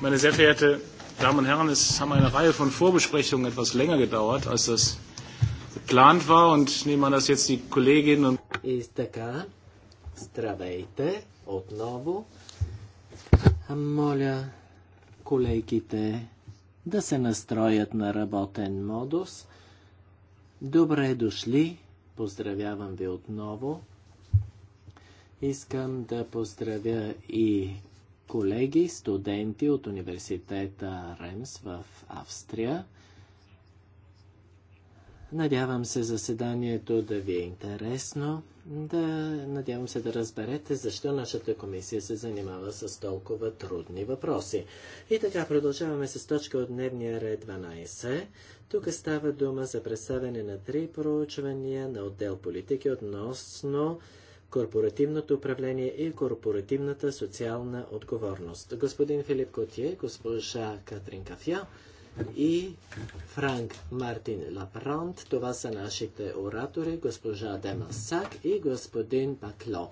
Meine sehr verehrten Damen und Herren, es haben eine Reihe von Vorbesprechungen etwas länger gedauert, als das geplant war und ich nehme an, dass jetzt die Kolleginnen und Kollegen. Моля колегите да се настроят на работен модус. Добре дошли. Поздравявам ви отново. Искам да поздравя и колеги, студенти от университета Ремс в Австрия. Надявам се заседанието да ви е интересно. Да, надявам се да разберете защо нашата комисия се занимава с толкова трудни въпроси. И така продължаваме с точка от дневния ред 12. Тук става дума за представяне на три проучвания на отдел политики относно корпоративното управление и корпоративната социална отговорност. Господин Филип Котие, госпожа Катрин Кафя и Франк Мартин Лапрант. Това са нашите оратори, госпожа Сак и господин Бакло,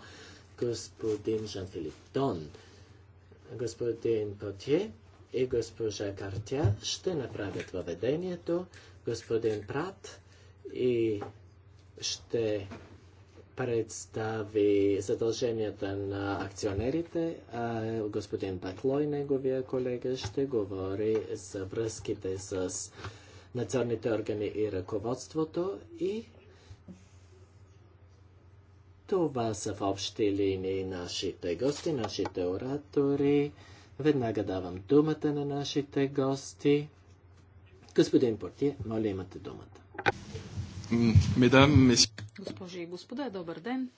господин Жан-Филип Дон, господин Потие и госпожа Картя ще направят въведението, господин Прат и ще представи задълженията на акционерите, а господин Баклой, неговия колега, ще говори за връзките с надзорните органи и ръководството и това са в общи линии нашите гости, нашите оратори. Веднага давам думата на нашите гости. Господин Портие, моля имате думата. Медам, месье. Госпожи и господа, добър ден!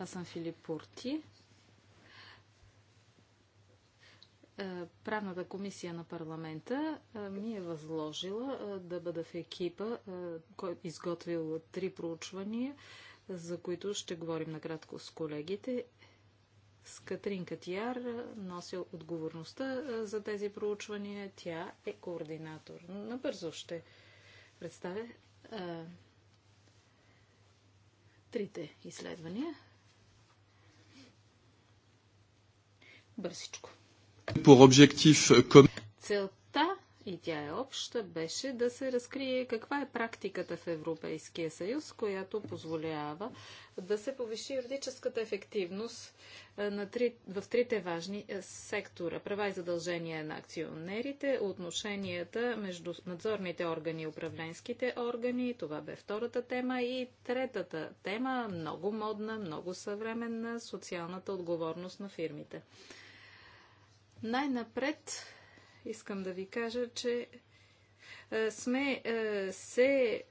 Аз съм Филип Порти. Е, правната комисия на парламента е, ми е възложила е, да бъда в екипа, който изготвил три проучвания, за които ще говорим накратко с колегите. С Катрин Катияр носи отговорността за тези проучвания. Тя е координатор. Набързо ще представя трите изследвания. Бързичко. Euh, Целта и тя е обща, беше да се разкрие каква е практиката в Европейския съюз, която позволява да се повиши юридическата ефективност на три, в трите важни сектора. Права и задължения на акционерите, отношенията между надзорните органи и управленските органи, това бе втората тема и третата тема, много модна, много съвременна, социалната отговорност на фирмите. Най-напред искам да ви кажа, че сме се,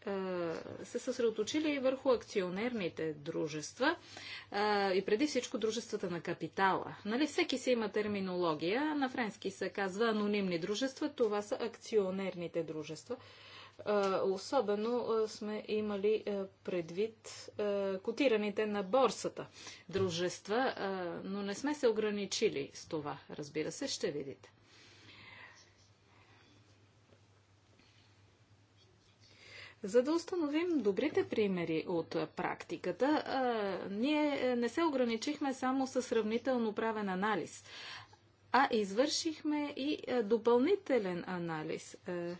се съсредоточили върху акционерните дружества и преди всичко дружествата на капитала. Нали, всеки си има терминология. На френски се казва анонимни дружества. Това са акционерните дружества. Особено сме имали предвид котираните на борсата дружества, но не сме се ограничили с това. Разбира се, ще видите. За да установим добрите примери от практиката, ние не се ограничихме само с сравнително правен анализ, а извършихме и допълнителен анализ. Е,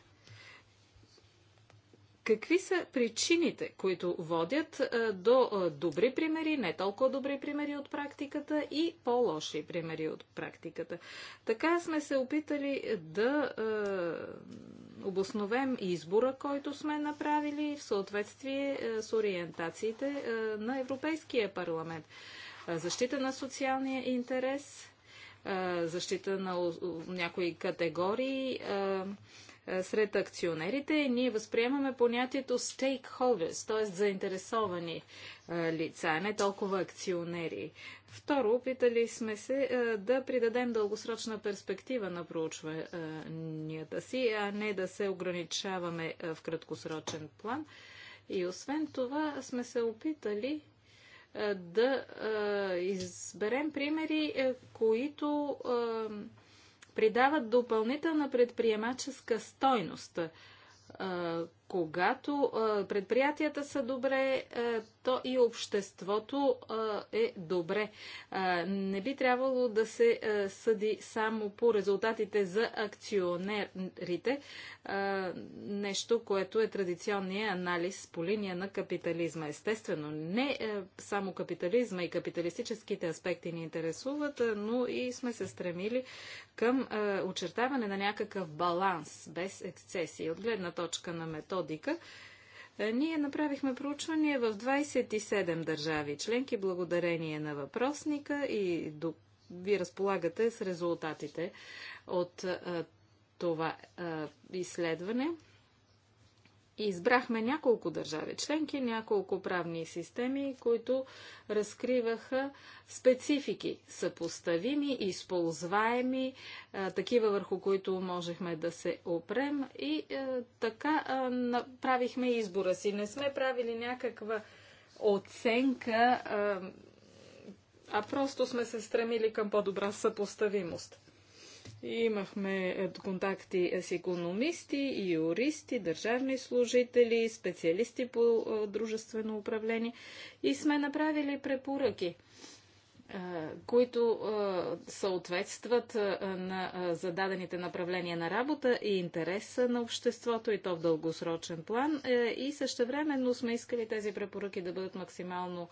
Какви са причините, които водят до добри примери, не толкова добри примери от практиката и по-лоши примери от практиката? Така сме се опитали да е, обосновем избора, който сме направили в съответствие с ориентациите на Европейския парламент. Защита на социалния интерес, защита на някои категории е, сред акционерите ние възприемаме понятието stakeholders, т.е. заинтересовани е, лица, не толкова акционери. Второ, опитали сме се е, да придадем дългосрочна перспектива на проучванията си, а не да се ограничаваме в краткосрочен план. И освен това сме се опитали да изберем примери, които придават допълнителна предприемаческа стойност, когато предприятията са добре, то и обществото е добре. Не би трябвало да се съди само по резултатите за акционерите, нещо, което е традиционният анализ по линия на капитализма. Естествено, не само капитализма и капиталистическите аспекти ни интересуват, но и сме се стремили към очертаване на някакъв баланс без ексцесии от гледна точка на метод методика. Е, ние направихме проучване в 27 държави членки, благодарение на въпросника и до... ви разполагате с резултатите от е, това е, изследване избрахме няколко държави членки, няколко правни системи, които разкриваха специфики, съпоставими, използваеми, такива върху които можехме да се опрем и така направихме избора си. Не сме правили някаква оценка, а просто сме се стремили към по-добра съпоставимост. Имахме е, контакти с економисти, юристи, държавни служители, специалисти по е, дружествено управление и сме направили препоръки е, които съответстват на зададените направления на работа и интереса на обществото и то в дългосрочен план. И същевременно сме искали тези препоръки да бъдат максимално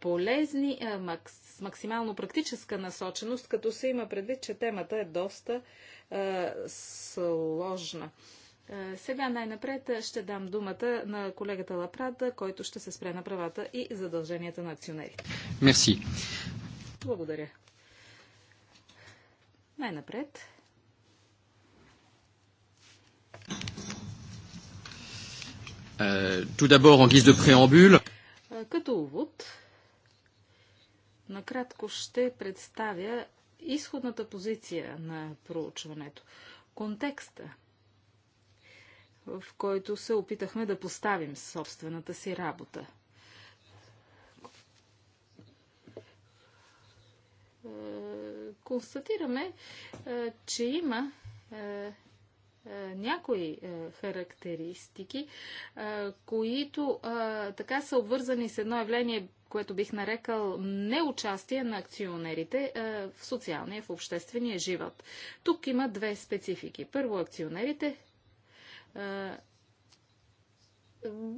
полезни с максимално практическа насоченост, като се има предвид, че темата е доста сложна. Сега най-напред ще дам думата на колегата Лапрада, който ще се спре на правата и задълженията на акционерите. Мерси. Благодаря. Най-напред. Е, tout d'abord, en guise de préambule. Като увод, накратко ще представя изходната позиция на проучването, контекста, в който се опитахме да поставим собствената си работа. Е, констатираме, е, че има е, е, някои е, характеристики, е, които така са обвързани с едно явление, което бих нарекал неучастие на акционерите в социалния, в обществения живот. Тук има две специфики. Първо, акционерите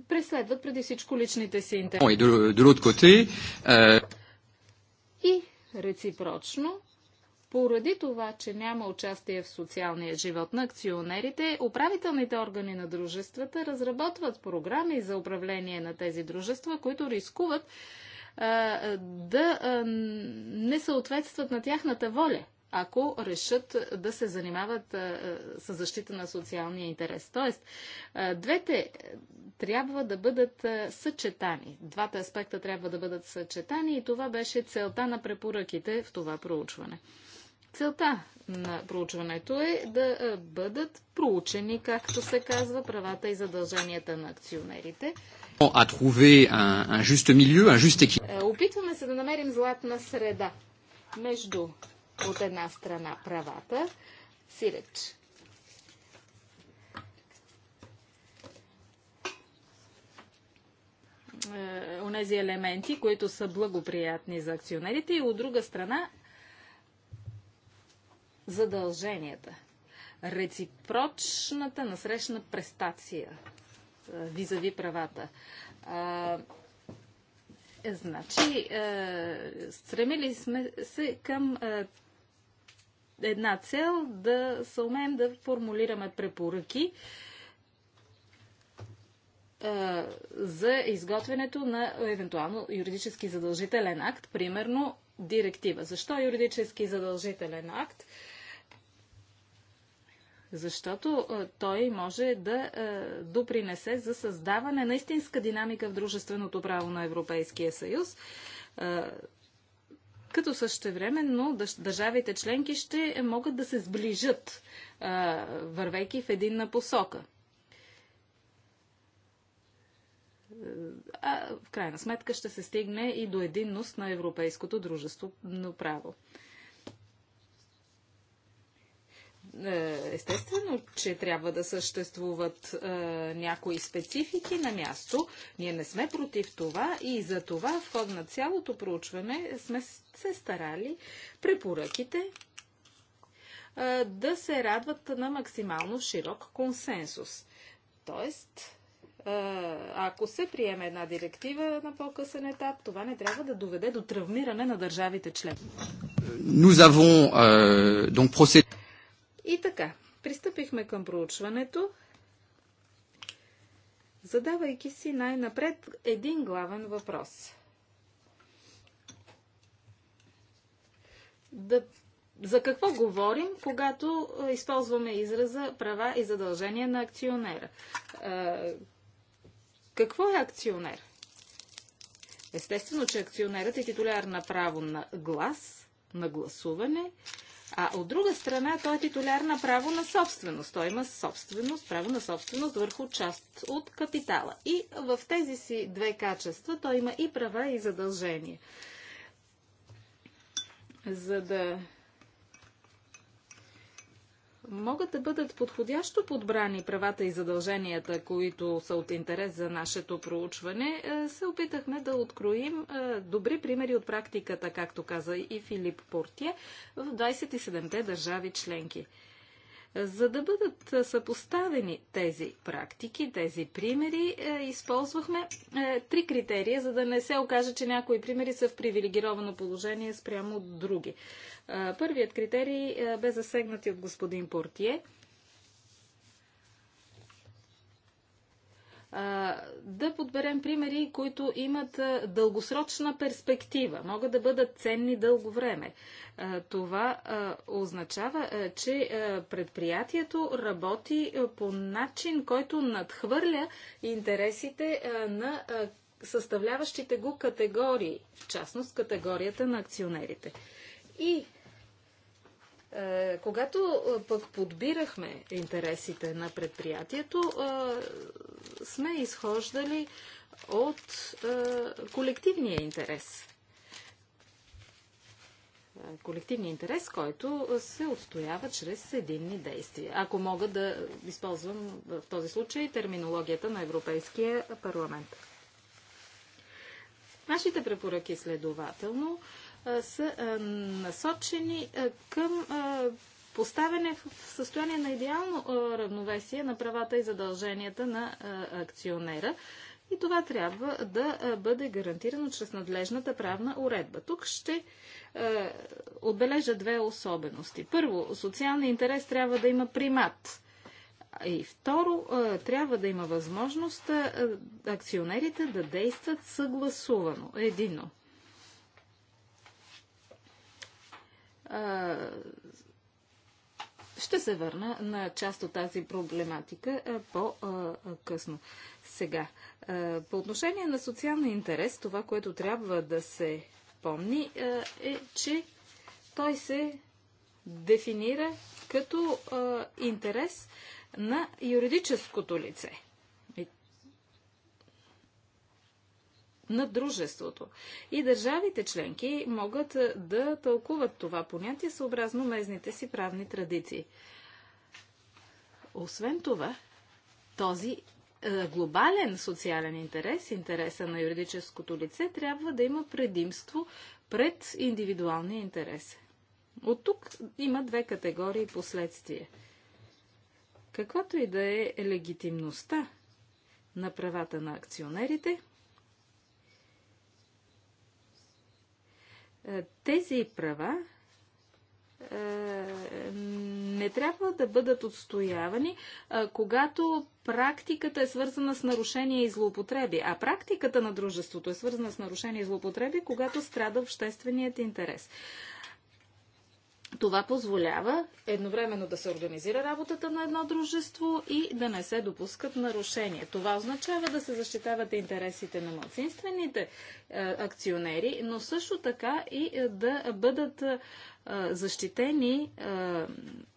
преследват преди всичко личните си интереси. Euh, И реципрочно, поради това, че няма участие в социалния живот на акционерите, управителните органи на дружествата разработват програми за управление на тези дружества, които рискуват а, да а, не съответстват на тяхната воля, ако решат да се занимават а, с защита на социалния интерес. Тоест, а, двете трябва да бъдат съчетани. Двата аспекта трябва да бъдат съчетани и това беше целта на препоръките в това проучване. Целта на проучването е да бъдат проучени, както се казва, правата и задълженията на акционерите. Е, опитваме се да намерим златна среда между от една страна правата, сиреч. Е, онези елементи, които са благоприятни за акционерите и от друга страна задълженията. Реципрочната насрещна престация визави правата. А, е, значи, а, стремили сме се към а, една цел да се умеем да формулираме препоръки а, за изготвянето на евентуално юридически задължителен акт, примерно директива. Защо юридически задължителен акт? А, защото е, той може да е, допринесе за създаване на истинска динамика в дружественото право на Европейския съюз е, като същевременно държавите членки ще могат да се сближат, вървейки в единна посока. А в крайна сметка ще се стигне и до единност на европейското дружество на право. Е, естествено, че трябва да съществуват е, някои специфики на място. Ние не сме против това и за това в ход на цялото проучване сме се старали препоръките е, да се радват на максимално широк консенсус. Тоест, е, ако се приеме една директива на по-късен етап, това не трябва да доведе до травмиране на държавите член. Nous avons, euh, donc procédé... И така, пристъпихме към проучването, задавайки си най-напред един главен въпрос. Да, за какво говорим, когато е, използваме израза права и задължения на акционера? А, е, какво е акционер? Естествено, че акционерът е титуляр на право на глас, на гласуване, а от друга страна, той е титуляр на право на собственост. Той има собственост, право на собственост върху част от капитала. И в тези си две качества той има и права, и задължения. За да могат да бъдат подходящо подбрани правата и задълженията, които са от интерес за нашето проучване, е, се опитахме да откроим е, добри примери от практиката, както каза и Филип Портие, в 27-те държави членки. За да бъдат е, съпоставени тези практики, тези примери, е, използвахме е, три критерия, за да не се окаже, че някои примери са в привилегировано положение спрямо от други. Първият критерий бе засегнат от господин Портие – да подберем примери, които имат дългосрочна перспектива, могат да бъдат ценни дълго време. Това означава, че предприятието работи по начин, който надхвърля интересите на съставляващите го категории, в частност категорията на акционерите. И е, когато е, пък подбирахме интересите на предприятието, е, сме изхождали от колективния интерес. Колективния интерес, който се отстоява чрез единни действия. Ако мога да използвам в този случай терминологията на Европейския парламент. Нашите препоръки следователно са насочени към поставяне в състояние на идеално равновесие на правата и задълженията на акционера. И това трябва да бъде гарантирано чрез надлежната правна уредба. Тук ще отбележа две особености. Първо, социалният интерес трябва да има примат. И второ, трябва да има възможност акционерите да действат съгласувано, едино. Ще се върна на част от тази проблематика по-късно. Сега, по отношение на социалния интерес, това, което трябва да се помни, е, че той се дефинира като интерес на юридическото лице – на дружеството. И държавите членки могат е, да тълкуват това понятие съобразно местните си правни традиции. Освен това, този е, глобален социален интерес, интереса на юридическото лице, трябва да има предимство пред индивидуалния интерес. От тук има две категории последствия. Каквато и да е легитимността на правата на акционерите – Е, тези права е, не трябва да бъдат отстоявани, е, когато практиката е свързана с нарушения и злоупотреби. А практиката на дружеството е свързана с нарушения и злоупотреби, когато страда общественият интерес. Това позволява едновременно да се организира работата на едно дружество и да не се допускат нарушения. Това означава да се защитават интересите на младсинствените е, акционери, но също така и е, да бъдат е, защитени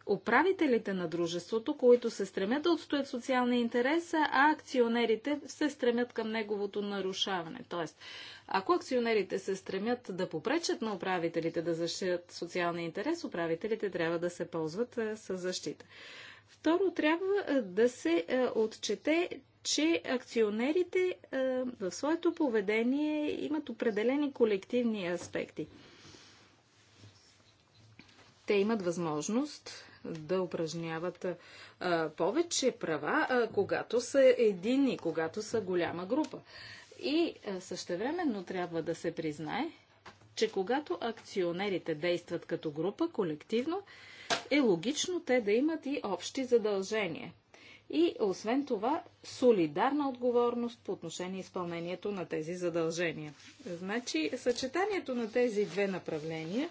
управителите на дружеството, които се стремят да отстоят социалния интерес, а акционерите се стремят към неговото нарушаване. Тоест, ако акционерите се стремят да попречат на управителите да защитят социалния интерес, управителите трябва да се ползват с защита. Второ, трябва да се отчете, че акционерите в своето поведение имат определени колективни аспекти – те имат възможност да упражняват а, повече права, а, когато са едини, когато са голяма група. И същевременно трябва да се признае, че когато акционерите действат като група, колективно, е логично те да имат и общи задължения. И освен това, солидарна отговорност по отношение изпълнението на тези задължения. Значи, съчетанието на тези две направления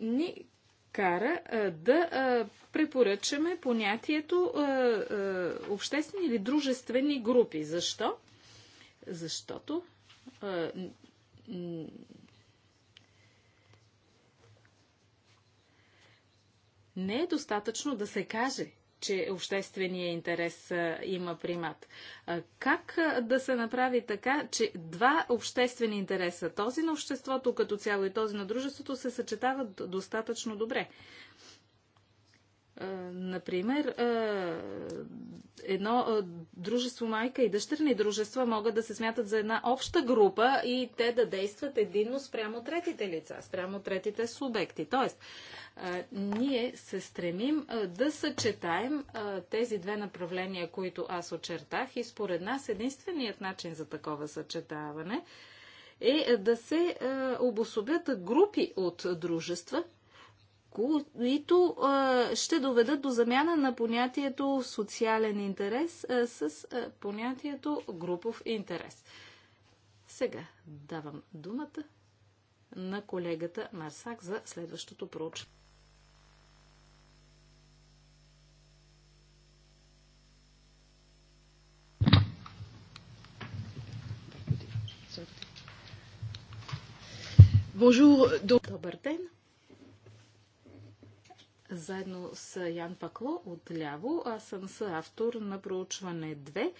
ни кара а, да а, препоръчаме понятието а, а, обществени или дружествени групи. Защо? Защото а, не е достатъчно да се каже, че обществения интерес има примат. Как да се направи така, че два обществени интереса, този на обществото като цяло и този на дружеството, се съчетават достатъчно добре? Е, например, е, едно е, дружество майка и дъщерни дружества могат да се смятат за една обща група и те да действат единно спрямо третите лица, спрямо третите субекти. Тоест, ние се стремим да съчетаем тези две направления, които аз очертах и според нас единственият начин за такова съчетаване е да се обособят групи от дружества, които ще доведат до замяна на понятието социален интерес с понятието групов интерес. Сега давам думата на колегата Марсак за следващото проучване. Добър ден! заедно с Ян Пакло Ляво. Аз съм съавтор на проучване 2.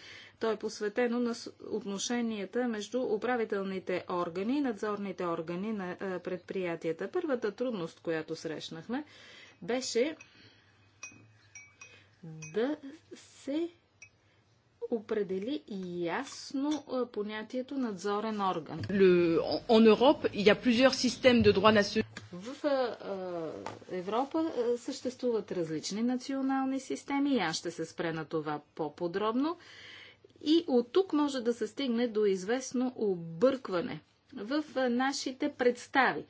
То е посветено на отношенията между управителните органи и надзорните органи на предприятията. Първата трудност, която срещнахме, беше да се определи ясно понятието надзорен орган. Le, en Europe, il y a plusieurs systèmes de droit national. В Европа съществуват различни национални системи и аз ще се спре на това по-подробно. И от тук може да се стигне до известно объркване в нашите представи.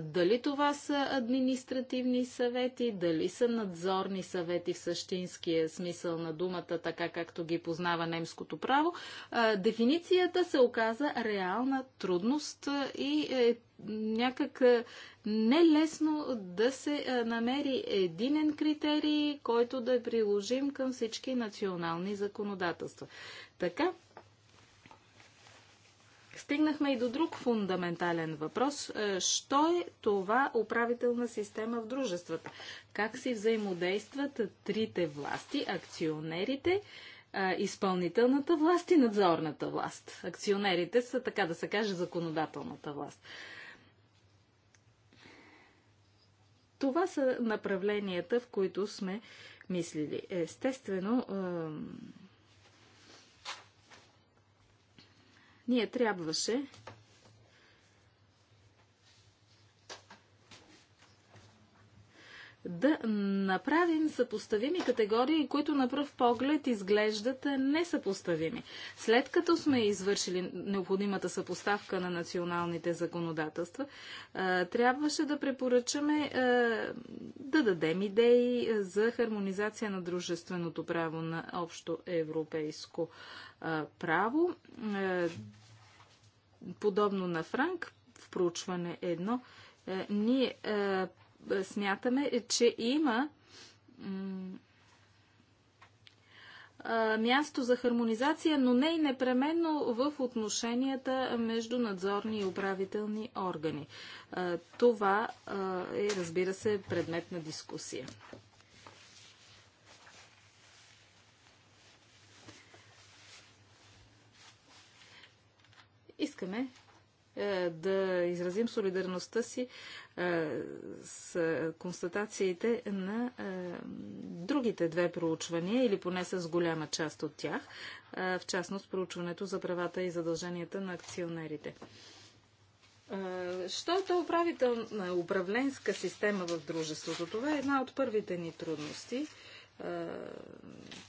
Дали това са административни съвети, дали са надзорни съвети в същинския смисъл на думата, така както ги познава немското право, дефиницията се оказа реална трудност и е някак нелесно да се намери единен критерий, който да е приложим към всички национални законодателства. Така, стигнахме и до друг фундаментален въпрос. Що е това управителна система в дружествата? Как си взаимодействат трите власти, акционерите, изпълнителната власт и надзорната власт. Акционерите са, така да се каже, законодателната власт. Това са направленията, в които сме мислили. Естествено, ние трябваше да направим съпоставими категории, които на пръв поглед изглеждат несъпоставими. След като сме извършили необходимата съпоставка на националните законодателства, трябваше да препоръчаме да дадем идеи за хармонизация на дружественото право на общо европейско право. Подобно на Франк, в проучване едно, е, ние е, смятаме, е, че има място за хармонизация, но не и непременно в отношенията между надзорни и управителни органи. Това е, разбира се, предмет на дискусия. Искаме е, да изразим солидарността си е, с констатациите на е, другите две проучвания, или поне с голяма част от тях, в частност проучването за правата и задълженията на акционерите. Що е то управителна управленска система в дружеството? Това е една от първите ни трудности – е,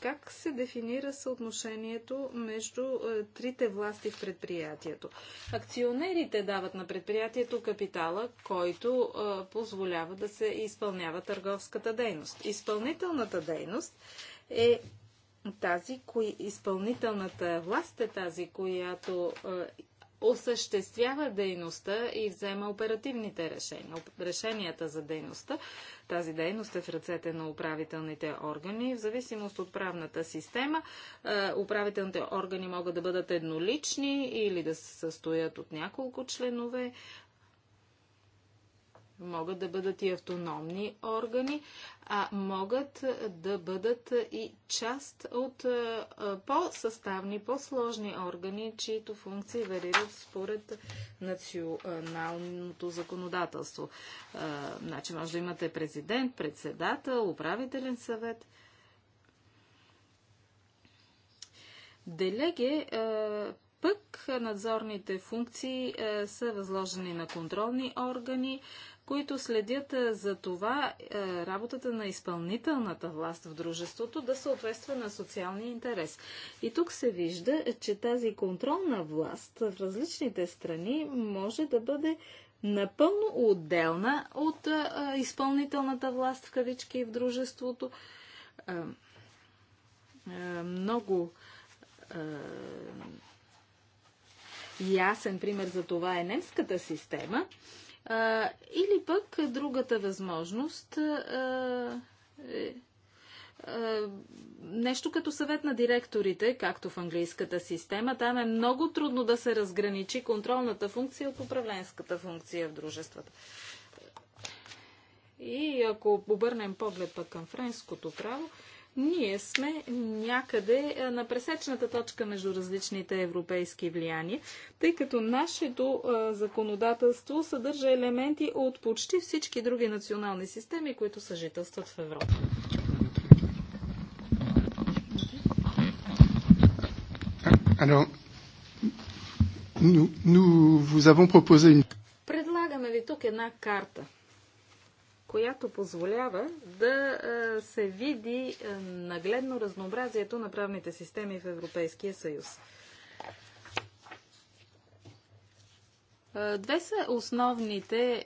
как се дефинира съотношението между е, трите власти в предприятието? Акционерите дават на предприятието капитала, който е, позволява да се изпълнява търговската дейност. Изпълнителната дейност е тази, кои изпълнителната власт е тази, която осъществява дейността и взема оперативните решения, решенията за дейността. Тази дейност е в ръцете на управителните органи. В зависимост от правната система, е, управителните органи могат да бъдат еднолични или да се състоят от няколко членове могат да бъдат и автономни органи, а могат да бъдат и част от по-съставни, по-сложни органи, чието функции варират според националното законодателство. Значи може да имате президент, председател, управителен съвет. Делеге пък надзорните функции са възложени на контролни органи, които следят е, за това е, работата на изпълнителната власт в дружеството да съответства на социалния интерес. И тук се вижда, е, че тази контролна власт в различните страни може да бъде напълно отделна от изпълнителната власт в кавички в дружеството. много ясен пример за това е немската система, а, или пък другата възможност а, е нещо като съвет на директорите, както в английската система, там е много трудно да се разграничи контролната функция от управленската функция в дружествата. И ако обърнем поглед пък към френското право, ние сме някъде е, на пресечната точка между различните европейски влияния, тъй като нашето е, законодателство съдържа елементи от почти всички други национални системи, които съжителстват в Европа. Предлагаме ви тук една карта която позволява да се види нагледно разнообразието на правните системи в Европейския съюз. Две са основните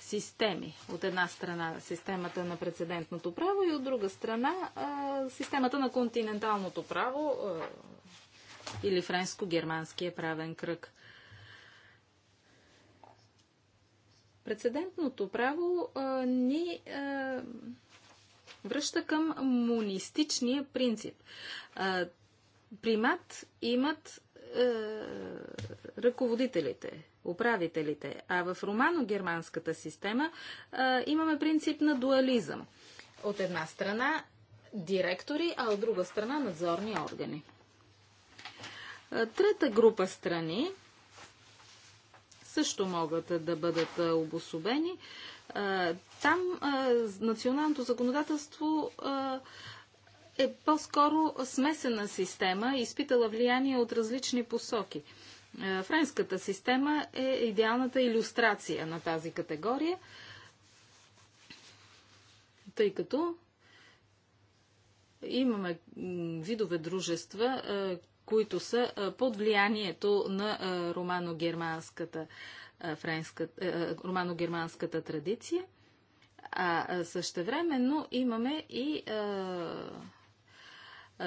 системи. От една страна системата на прецедентното право и от друга страна системата на континенталното право или френско-германския правен кръг. Прецедентното право а, ни а, връща към монистичния принцип. А, примат имат а, ръководителите, управителите, а в романо-германската система а, имаме принцип на дуализъм. От една страна директори, а от друга страна надзорни органи. Трета група страни също могат да бъдат обособени. Там националното законодателство е по-скоро смесена система, изпитала влияние от различни посоки. Френската система е идеалната иллюстрация на тази категория, тъй като имаме видове дружества, които са под влиянието на романо-германската, романо-германската традиция. А същевременно имаме и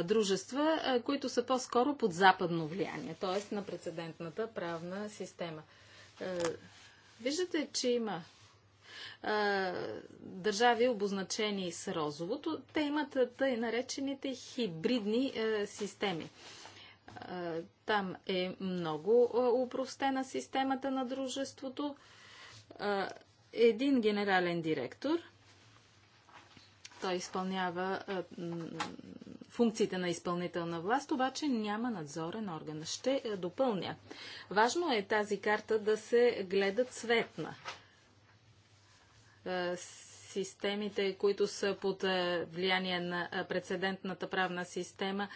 дружества, които са по-скоро под западно влияние, т.е. на прецедентната правна система. Виждате, че има държави, обозначени с розовото, те имат тъй наречените хибридни системи. Там е много упростена системата на дружеството. Един генерален директор, той изпълнява функциите на изпълнителна власт, обаче няма надзорен орган. Ще допълня. Важно е тази карта да се гледа цветна. Системите, които са под влияние на прецедентната правна система,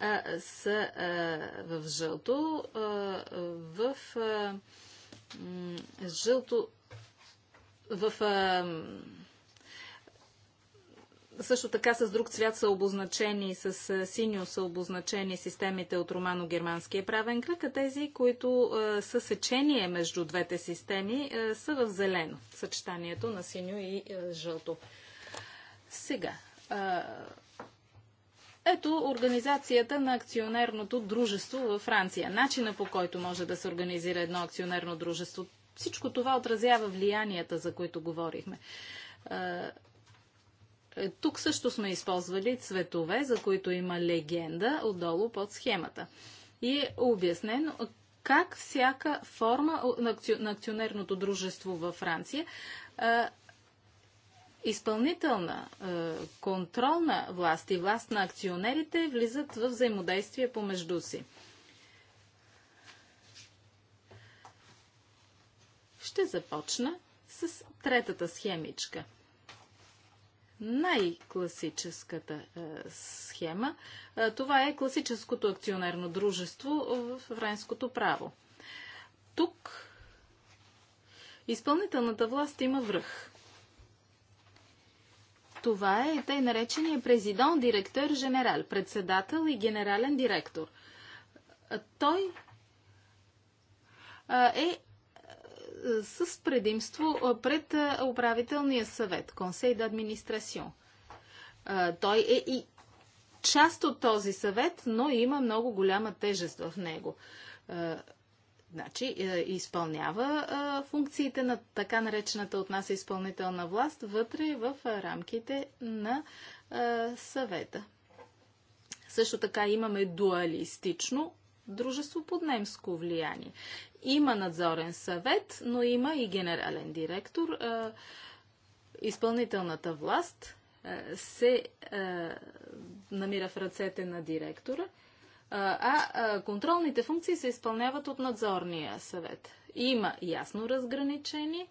а, са а, в жълто, а, в а, жълто, в а, също така с друг цвят са обозначени, с синьо са обозначени системите от романо-германския правен кръг, а тези, които е, са сечение между двете системи, е, са в зелено, съчетанието на синьо и е, жълто. Сега, ето организацията на акционерното дружество във Франция. Начина по който може да се организира едно акционерно дружество. Всичко това отразява влиянията, за които говорихме. Е, е, тук също сме използвали цветове, за които има легенда отдолу под схемата. И е обяснено как всяка форма на акционерното дружество във Франция е, изпълнителна, е, контролна власт и власт на акционерите влизат в взаимодействие помежду си. Ще започна с третата схемичка. Най-класическата е, схема. Е, това е класическото акционерно дружество в френското право. Тук изпълнителната власт има връх. Това е тъй наречения президон, директор, генерал, председател и генерален директор. Той е, е с предимство пред управителния съвет, Консей да администрацион. Той е и част от този съвет, но има много голяма тежест в него. Значи, е, изпълнява е, функциите на така наречената от нас изпълнителна власт вътре в е, рамките на съвета. Също така имаме дуалистично дружество под немско влияние. Има надзорен съвет, но има и генерален директор. Изпълнителната власт се намира в ръцете на директора – а контролните функции се изпълняват от надзорния съвет. Има ясно разграничение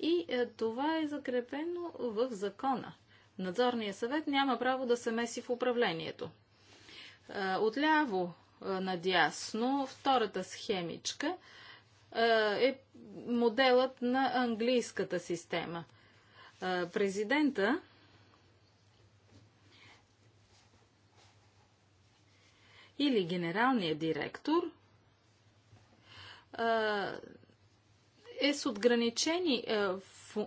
и е, това е закрепено в закона. Надзорният съвет няма право да се меси в управлението. Отляво надясно, втората схемичка е моделът на английската система. Президента или генералния директор е с ограничени.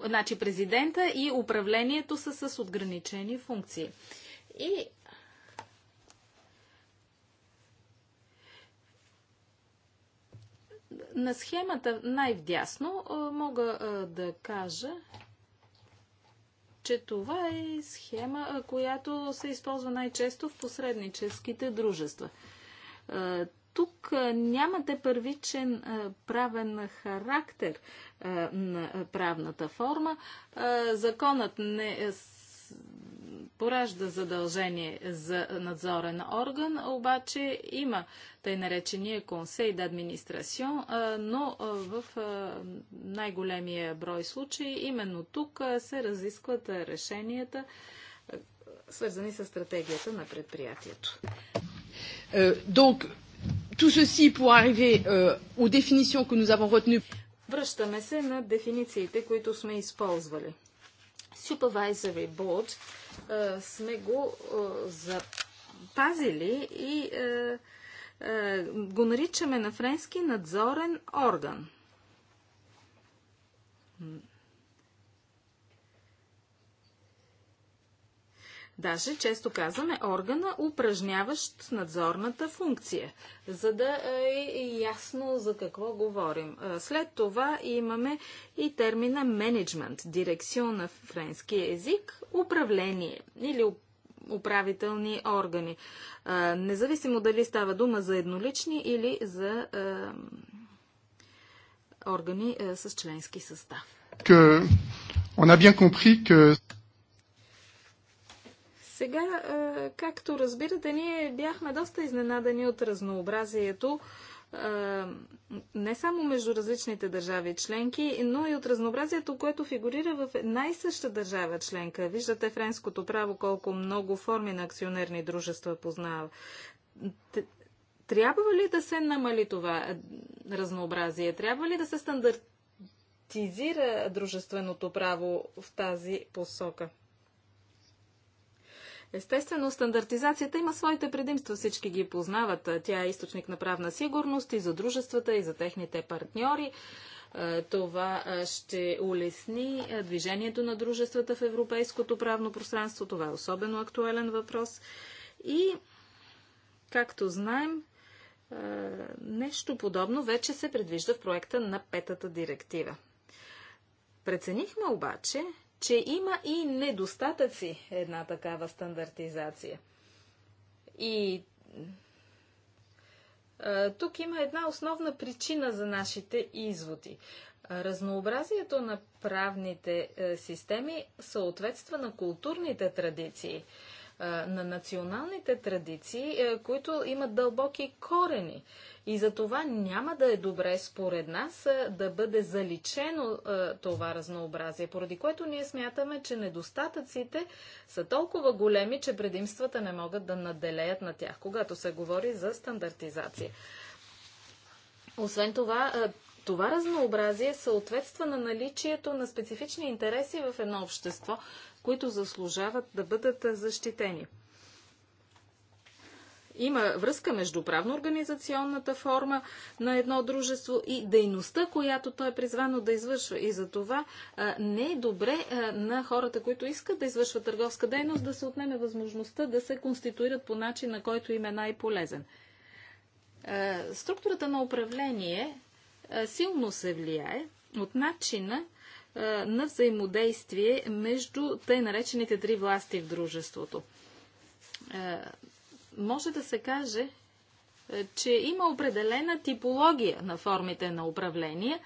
Значи президента и управлението са с ограничени функции. И на схемата най-вдясно мога да кажа, че това е схема, която се използва най-често в посредническите дружества. Тук нямате първичен правен характер на правната форма. Законът не поражда задължение за надзорен орган, обаче има тъй наречения консей да администрацион, но в най-големия брой случаи именно тук се разискват решенията, свързани с стратегията на предприятието. Е, donc, tout ceci pour arriver е, aux définitions que nous avons retenues. Връщаме се на дефинициите, които сме използвали. Supervisory Board сме го запазили и го наричаме на френски надзорен орган. Даже често казваме органа, упражняващ надзорната функция, за да е ясно за какво говорим. След това имаме и термина менеджмент, дирекцион на френски език, управление или управителни органи. Независимо дали става дума за еднолични или за органи с членски състав. Que on a bien compris que сега, както разбирате, ние бяхме доста изненадани от разнообразието не само между различните държави членки, но и от разнообразието, което фигурира в една съща държава членка. Виждате френското право колко много форми на акционерни дружества познава. Трябва ли да се намали това разнообразие? Трябва ли да се стандартизира дружественото право в тази посока? Естествено, стандартизацията има своите предимства, всички ги познават. Тя е източник на правна сигурност и за дружествата, и за техните партньори. Е, това е, ще улесни е, движението на дружествата в европейското правно пространство. Това е особено актуален въпрос. И, както знаем, нещо подобно вече се предвижда в проекта на петата директива. Преценихме обаче, че има и недостатъци една такава стандартизация. И тук има една основна причина за нашите изводи. Разнообразието на правните е, системи съответства на културните традиции – на националните традиции, които имат дълбоки корени. И за това няма да е добре, според нас, да бъде заличено това разнообразие, поради което ние смятаме, че недостатъците са толкова големи, че предимствата не могат да наделеят на тях, когато се говори за стандартизация. Освен това, това разнообразие съответства на наличието на специфични интереси в едно общество, които заслужават да бъдат защитени. Има връзка между правно-организационната форма на едно дружество и дейността, която той е призвано да извършва. И за това не е добре на хората, които искат да извършват търговска дейност, да се отнеме възможността да се конституират по начин, на който им е най-полезен. Структурата на управление силно се влияе от начина, на взаимодействие между тъй наречените три власти в дружеството. Може да се каже, че има определена типология на формите на управление,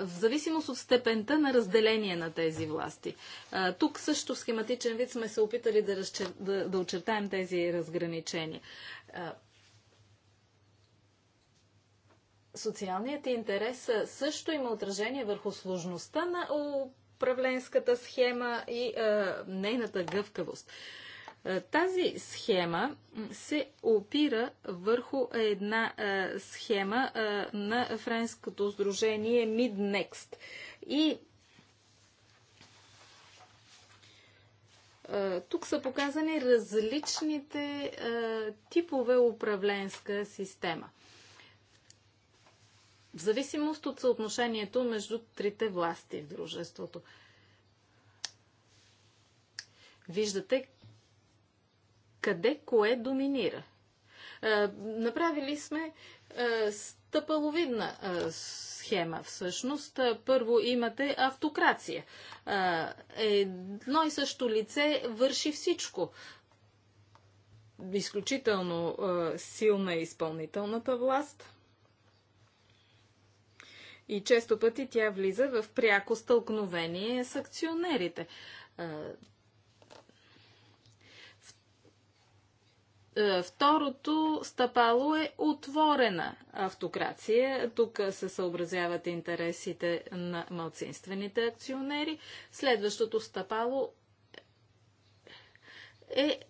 в зависимост от степента на разделение на тези власти. Тук също в схематичен вид сме се опитали да, разчер... да, да очертаем тези разграничения. социалният интерес е, също има отражение върху сложността на управленската схема и а, е, нейната гъвкавост. Е, тази схема се опира върху една схема на френското сдружение MidNext. И тук са показани различните типове управленска система – в зависимост от съотношението между трите власти в дружеството. Виждате къде кое доминира. Е, направили сме е, стъпаловидна е, схема всъщност. Първо имате автокрация. Едно и също лице върши всичко. Изключително силна е изпълнителната власт – и често пъти тя влиза в пряко стълкновение с акционерите. Второто стъпало е отворена автокрация. Тук се съобразяват интересите на малцинствените акционери. Следващото стъпало е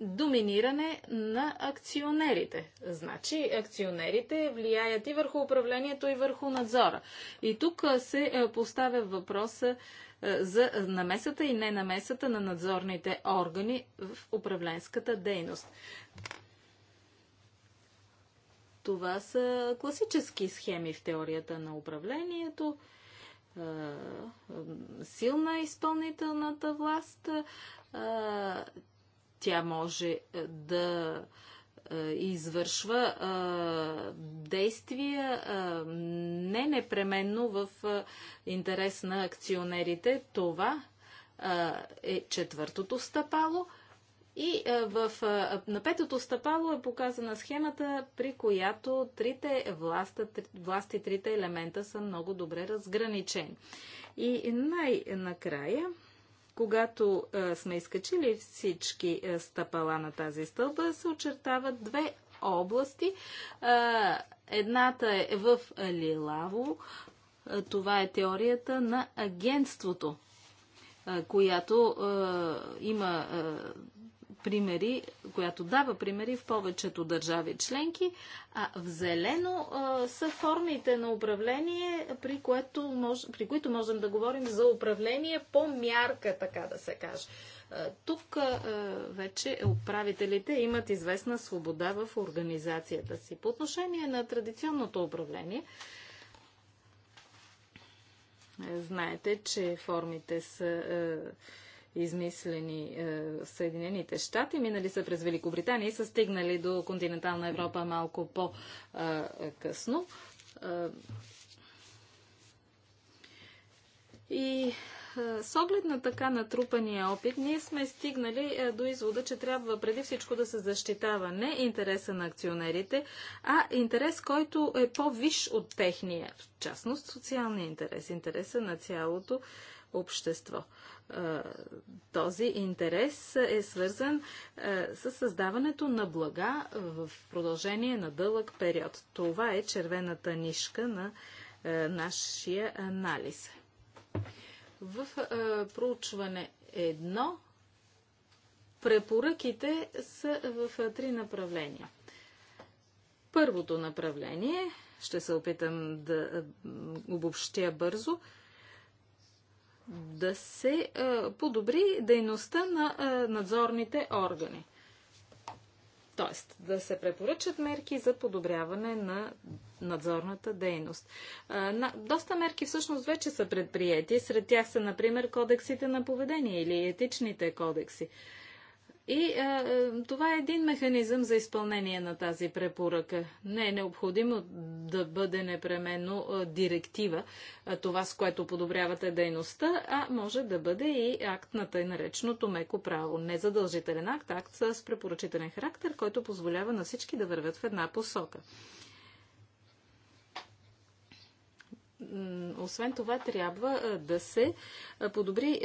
доминиране на акционерите. Значи акционерите влияят и върху управлението, и върху надзора. И тук се поставя въпроса за намесата и ненамесата на надзорните органи в управленската дейност. Това са класически схеми в теорията на управлението силна изпълнителната власт, тя може е, да е, извършва е, действия не непременно в интерес на акционерите. Това е четвъртото стъпало. И в, на петото стъпало е показана схемата, при която трите власта, власти, трите елемента са много добре разграничени. И най-накрая когато а, е, сме изкачили всички а, е, стъпала на тази стълба, се очертават две области. А, е, едната е в Лилаво. А, това е теорията на агентството, а, която а, има а, примери, която дава примери в повечето държави членки, а в зелено а, са формите на управление, при, което мож, при които можем да говорим за управление по мярка, така да се каже. тук а, вече управителите имат известна свобода в организацията си. По отношение на традиционното управление, знаете, че формите са. А, измислени е, в Съединените щати, минали са през Великобритания и са стигнали до континентална Европа малко по-късно. Е, и е, с оглед на така натрупания опит, ние сме стигнали до извода, че трябва преди всичко да се защитава не интереса на акционерите, а интерес, който е по-виш от техния, в частност социалния интерес, интереса на цялото общество този интерес е свързан с създаването на блага в продължение на дълъг период. Това е червената нишка на нашия анализ. В проучване едно препоръките са в три направления. Първото направление, ще се опитам да обобщя бързо, да се подобри дейността на надзорните органи. Тоест, да се препоръчат мерки за подобряване на надзорната дейност. Доста мерки всъщност вече са предприяти. Сред тях са, например, кодексите на поведение или етичните кодекси. И а, това е един механизъм за изпълнение на тази препоръка. Не е необходимо да бъде непременно а, директива, а, това с което подобрявате дейността, а може да бъде и акт на тъй нареченото меко право. Незадължителен акт, акт с препоръчителен характер, който позволява на всички да вървят в една посока. Освен това, трябва да се подобри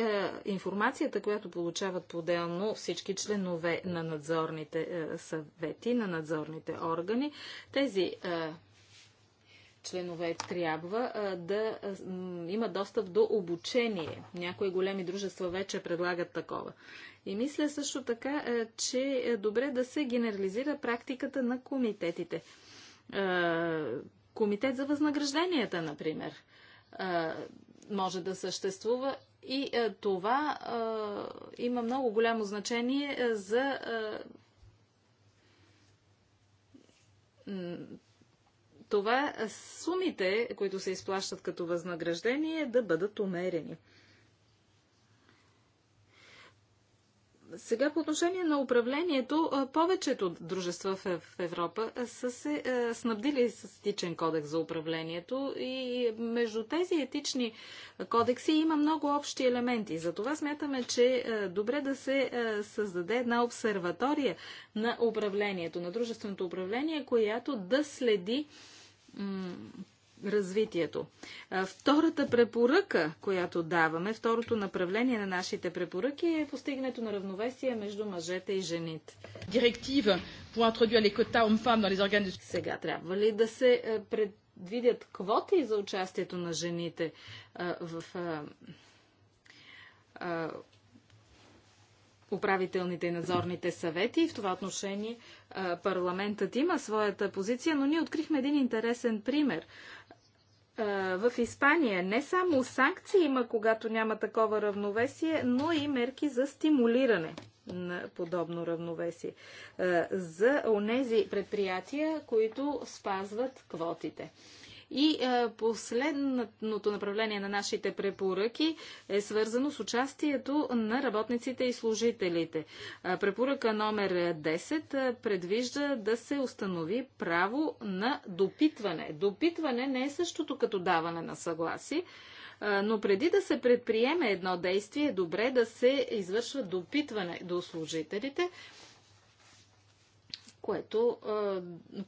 информацията, която получават поделно всички членове на надзорните съвети, на надзорните органи. Тези членове трябва да има достъп до обучение. Някои големи дружества вече предлагат такова. И мисля също така, че е добре да се генерализира практиката на комитетите комитет за възнагражденията, например, може да съществува. И това има много голямо значение за това сумите, които се изплащат като възнаграждение, да бъдат умерени. Сега по отношение на управлението, повечето дружества в Европа са се снабдили с етичен кодекс за управлението и между тези етични кодекси има много общи елементи. Затова смятаме, че добре да се създаде една обсерватория на управлението, на дружественото управление, която да следи развитието. Втората препоръка, която даваме, второто направление на нашите препоръки е постигането на равновесие между мъжете и жените. Директива по introduire les quotas hommes-femmes dans les organes Сега трябва ли да се предвидят квоти за участието на жените в управителните и надзорните съвети. В това отношение парламентът има своята позиция, но ние открихме един интересен пример в Испания не само санкции има, когато няма такова равновесие, но и мерки за стимулиране на подобно равновесие за онези предприятия, които спазват квотите. И е, последното направление на нашите препоръки е свързано с участието на работниците и служителите. Е, препоръка номер 10 е, предвижда да се установи право на допитване. Допитване не е същото като даване на съгласи, е, Но преди да се предприеме едно действие, е добре да се извършва допитване до служителите, което,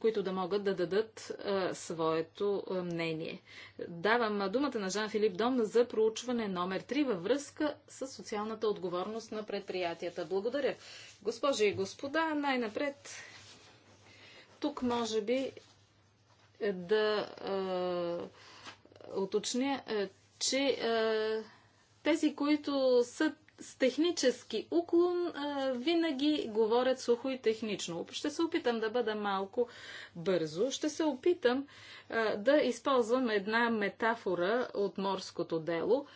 които да могат да дадат своето мнение. Давам думата на Жан-Филип Дом за проучване номер 3 във връзка с социалната отговорност на предприятията. Благодаря. Госпожи и господа, най-напред тук може би е, да е, уточня, е, че е, тези, които са с технически уклон а, винаги говорят сухо и технично. Ще се опитам да бъда малко бързо. Ще се опитам а, да използвам една метафора от морското дело.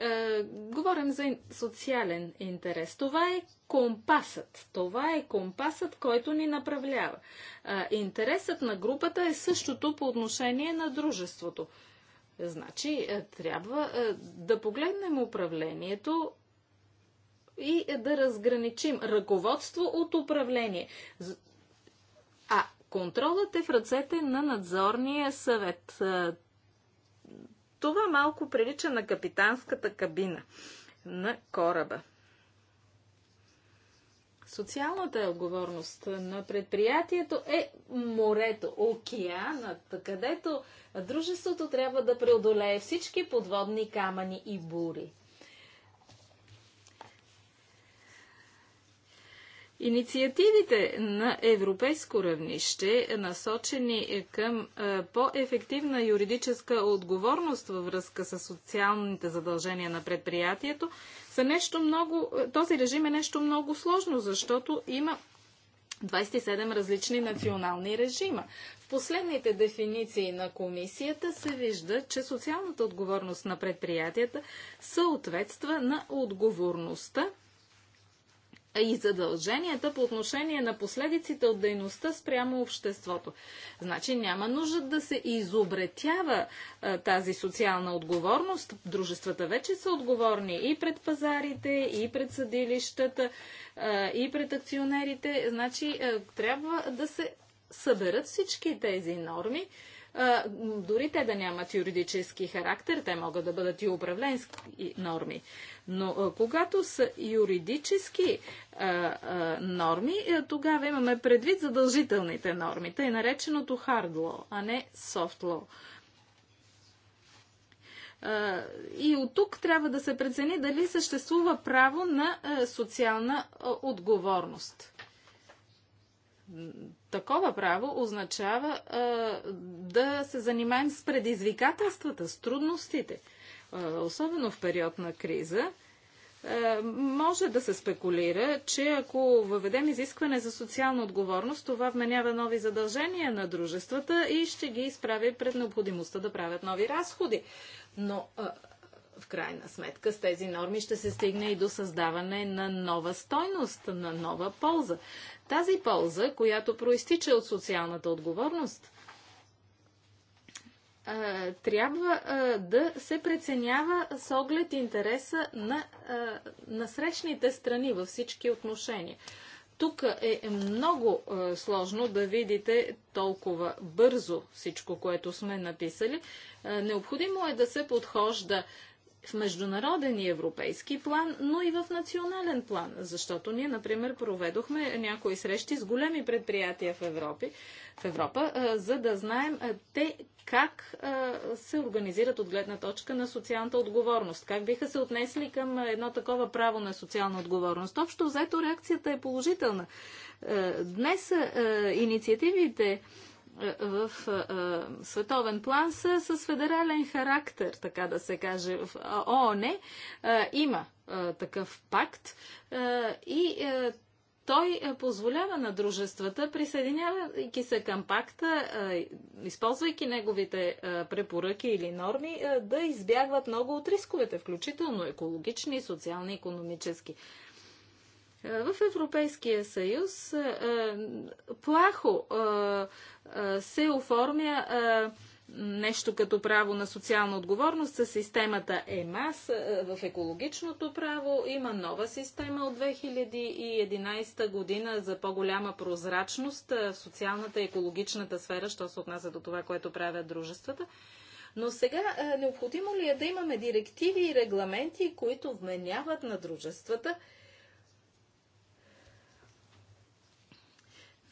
А, говорим за социален интерес. Това е компасът. Това е компасът, който ни направлява. Интересът на групата е същото по отношение на дружеството. Значи, е, трябва е, да погледнем управлението и да разграничим ръководство от управление. А контролът е в ръцете на надзорния съвет. Е, това малко прилича на капитанската кабина на кораба. Социалната отговорност на предприятието е морето, океанът, където дружеството трябва да преодолее всички подводни камъни и бури. Инициативите на европейско равнище, насочени към е, по-ефективна юридическа отговорност във връзка с социалните задължения на предприятието, са нещо много, е, този режим е нещо много сложно, защото има 27 различни национални режима. В последните дефиниции на комисията се вижда, че социалната отговорност на предприятията съответства на отговорността и задълженията по отношение на последиците от дейността спрямо обществото. Значи няма нужда да се изобретява а, е, тази социална отговорност. Дружествата вече са отговорни и пред пазарите, и пред съдилищата, а, е, и пред акционерите. Значи а, е, трябва да се съберат всички тези норми дори те да нямат юридически характер, те могат да бъдат и управленски норми. Но когато са юридически а, норми, е, тогава имаме предвид задължителните норми, тъй нареченото hard law, а не soft law. И от тук трябва да се прецени дали съществува право на социална отговорност такова право означава а, да се занимаем с предизвикателствата, с трудностите, а, особено в период на криза. А, може да се спекулира, че ако въведем изискване за социална отговорност, това вменява нови задължения на дружествата и ще ги изправи пред необходимостта да правят нови разходи. Но а, в крайна сметка с тези норми ще се стигне и до създаване на нова стойност, на нова полза. Тази полза, която проистича от социалната отговорност, трябва да се преценява с оглед интереса на насрещните страни във всички отношения. Тук е много сложно да видите толкова бързо всичко, което сме написали. необходимо е да се подхожда в международен и европейски план, но и в национален план, защото ние, например, проведохме някои срещи с големи предприятия в, Европи, в Европа, за да знаем те как се организират от гледна точка на социалната отговорност, как биха се отнесли към едно такова право на социална отговорност. Общо взето реакцията е положителна. Днес инициативите в световен план са с федерален характер, така да се каже. В ООН е, има такъв пакт и той позволява на дружествата, присъединявайки се към пакта, използвайки неговите препоръки или норми, да избягват много от рисковете, включително екологични, социални, економически. Е, в Европейския съюз е, плахо е, се оформя нещо като право на социална отговорност с системата ЕМАС в екологичното право. Има нова система от 2011 година за по-голяма прозрачност в социалната и екологичната сфера, що се отнася до това, което правят дружествата. Но сега необходимо ли е да имаме директиви и регламенти, които вменяват на дружествата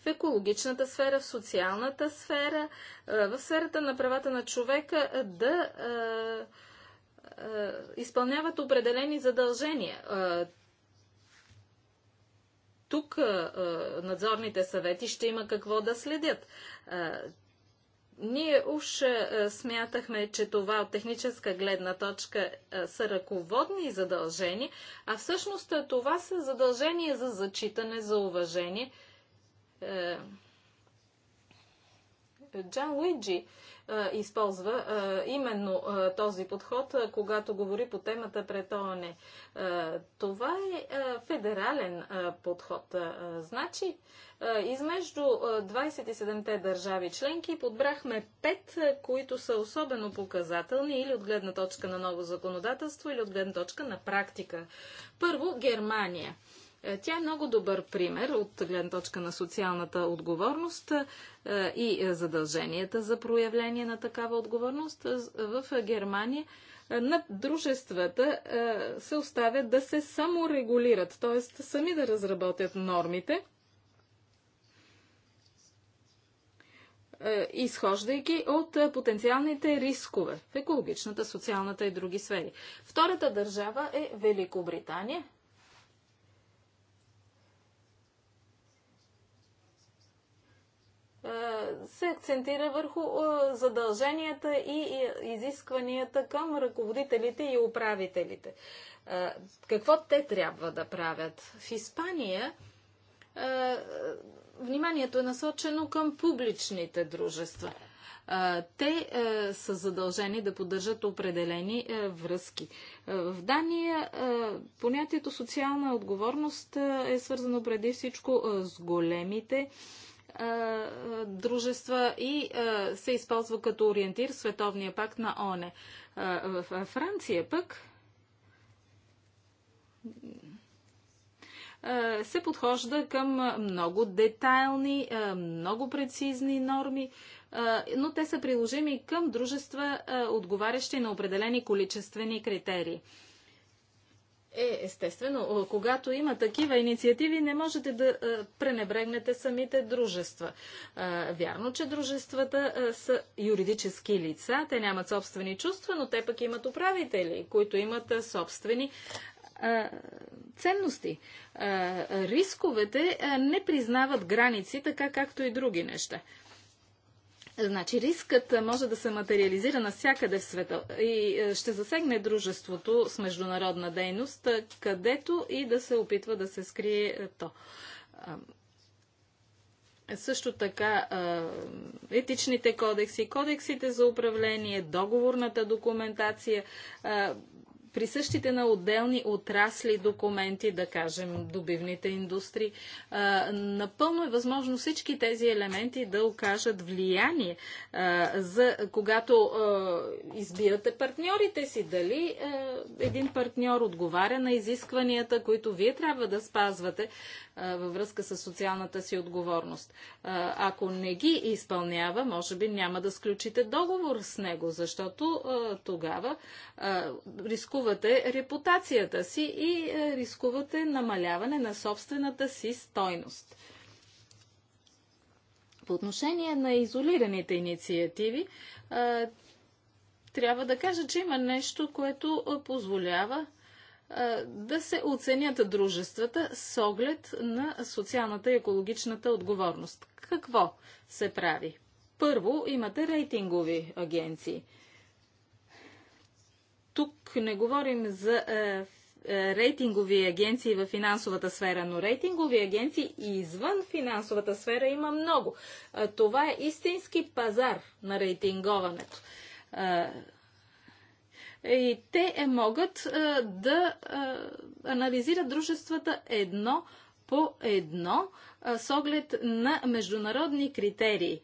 екологичната сфера, в социалната сфера, е, в сферата на правата на човека е, да е, изпълняват определени задължения. Тук надзорните съвети ще има какво да следят. Ние уж смятахме, че това от техническа гледна точка са ръководни задължения, а всъщност това са задължения за зачитане, за уважение – е, Джан Луиджи е, използва е, именно този подход, когато говори по темата пред ООН. Това е федерален подход. Значи, измежду 27-те държави членки подбрахме 5, които са особено показателни или от гледна точка на ново законодателство, или от гледна точка на практика. Първо, Германия – е, тя е много добър пример от гледна точка на социалната отговорност е, и задълженията за проявление на такава отговорност. Е, в Германия на дружествата се оставят да се саморегулират, т.е. сами да разработят нормите, изхождайки от потенциалните рискове в екологичната, социалната и други сфери. Втората държава е Великобритания – се акцентира върху задълженията и изискванията към ръководителите и управителите. Какво те трябва да правят? В Испания вниманието е насочено към публичните дружества. Те са задължени да поддържат определени връзки. В Дания понятието социална отговорност е свързано преди всичко с големите дружества и се използва като ориентир Световния пакт на ОНЕ. В Франция пък се подхожда към много детайлни, много прецизни норми, но те са приложими към дружества, отговарящи на определени количествени критерии. Е, естествено, когато има такива инициативи, не можете да пренебрегнете самите дружества. Вярно, че дружествата са юридически лица, те нямат собствени чувства, но те пък имат управители, които имат собствени ценности. Рисковете не признават граници, така както и други неща. Значи рискът може да се материализира навсякъде в света и е, ще засегне дружеството с международна дейност, е, където и да се опитва да се скрие е, то. Също така етичните кодекси, кодексите за управление, договорната документация присъщите на отделни отрасли документи, да кажем добивните индустрии. Напълно е възможно всички тези елементи да окажат влияние за когато избирате партньорите си. Дали един партньор отговаря на изискванията, които вие трябва да спазвате във връзка с социалната си отговорност. Ако не ги изпълнява, може би няма да сключите договор с него, защото тогава рискувате репутацията си и рискувате намаляване на собствената си стойност. По отношение на изолираните инициативи, трябва да кажа, че има нещо, което позволява да се оценят дружествата с оглед на социалната и екологичната отговорност. Какво се прави? Първо, имате рейтингови агенции. Тук не говорим за е, рейтингови агенции в финансовата сфера, но рейтингови агенции извън финансовата сфера има много. Това е истински пазар на рейтинговането и те е, могат а, да а, анализират дружествата едно по едно с оглед на международни критерии,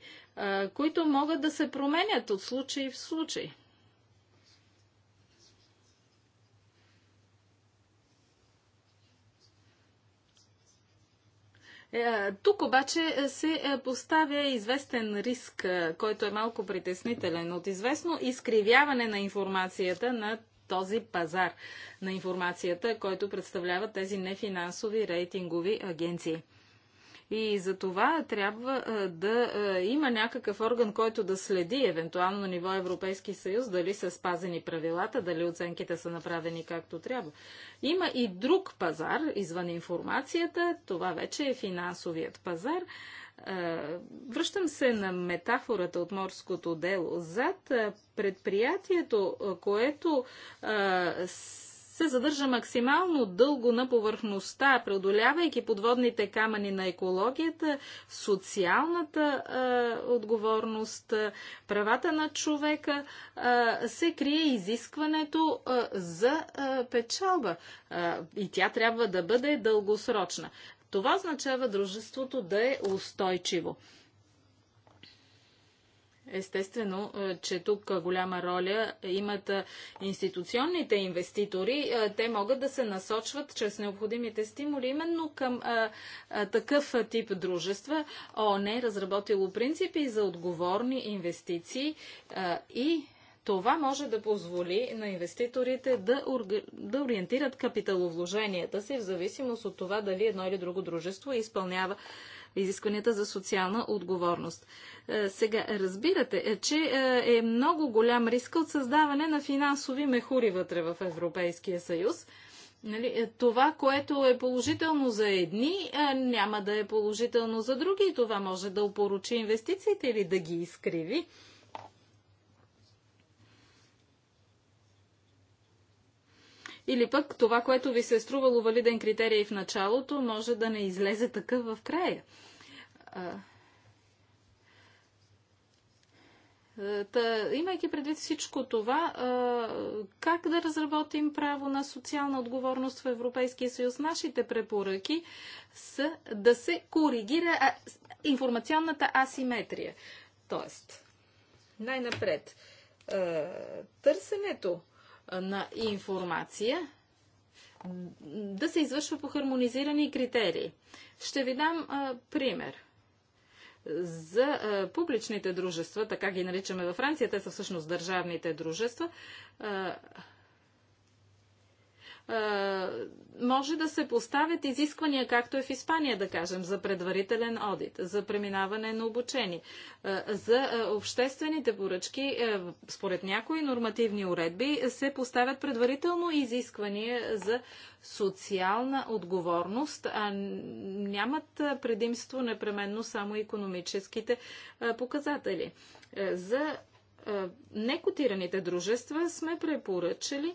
които могат да се променят от случай в случай. Е, тук обаче се е, поставя известен риск, е, който е малко притеснителен от известно изкривяване на информацията на този пазар на информацията, който представляват тези нефинансови рейтингови агенции. И за това трябва да има някакъв орган, който да следи, евентуално на ниво Европейски съюз, дали са спазени правилата, дали оценките са направени както трябва. Има и друг пазар, извън информацията, това вече е финансовият пазар. Връщам се на метафората от морското дело. Зад предприятието, което се се задържа максимално дълго на повърхността, преодолявайки подводните камъни на екологията, социалната е, отговорност, правата на човека, е, се крие изискването е, за е, печалба. Е, и тя трябва да бъде дългосрочна. Това означава дружеството да е устойчиво. Естествено, е, че тук голяма роля имат е, институционните инвеститори. Е, те могат да се насочват чрез необходимите стимули именно към а, а, такъв тип дружества. ООН е разработило принципи за отговорни инвестиции а, и това може да позволи на инвеститорите да, орг... да ориентират капиталовложенията си в зависимост от това дали едно или друго дружество изпълнява изискванията за социална отговорност. Е, сега, разбирате, е, че е, е много голям риск от създаване на финансови мехури вътре в Европейския съюз. Нали, това, което е положително за едни, няма да е положително за други. Това може да опоручи инвестициите или да ги изкриви. Или пък това, което ви се е струвало валиден критерий в началото, може да не излезе такъв в края. Та, имайки предвид всичко това, как да разработим право на социална отговорност в Европейския съюз? Нашите препоръки са да се коригира информационната асиметрия. Тоест, най-напред, търсенето на информация да се извършва по хармонизирани критерии. Ще ви дам а, пример. За а, публичните дружества, така ги наричаме във Франция, те са всъщност държавните дружества, а, е, може да се поставят изисквания, както е в Испания, да кажем, за предварителен одит, за преминаване на обучение, е, за е, обществените поръчки. Според някои нормативни уредби се поставят предварително изисквания за социална отговорност, а нямат предимство непременно само економическите показатели. За некотираните дружества сме препоръчали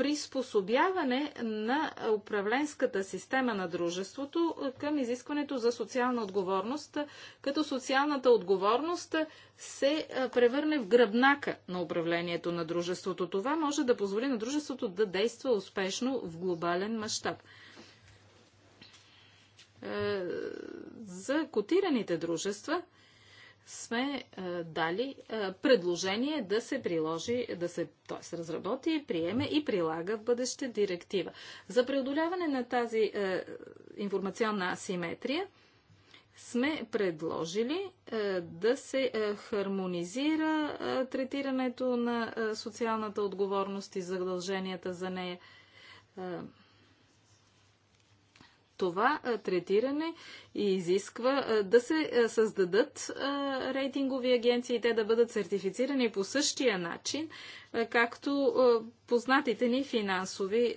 приспособяване на управленската система на дружеството към изискването за социална отговорност, като социалната отговорност се превърне в гръбнака на управлението на дружеството. Това може да позволи на дружеството да действа успешно в глобален мащаб. За котираните дружества – сме а, е, дали а, е, предложение да се приложи, да се т.е. разработи, приеме и прилага в бъдеще директива. За преодоляване на тази а, е, информационна асиметрия сме предложили да се хармонизира третирането на социалната отговорност и задълженията за нея това третиране и изисква да се създадат рейтингови агенции и те да бъдат сертифицирани по същия начин, както познатите ни финансови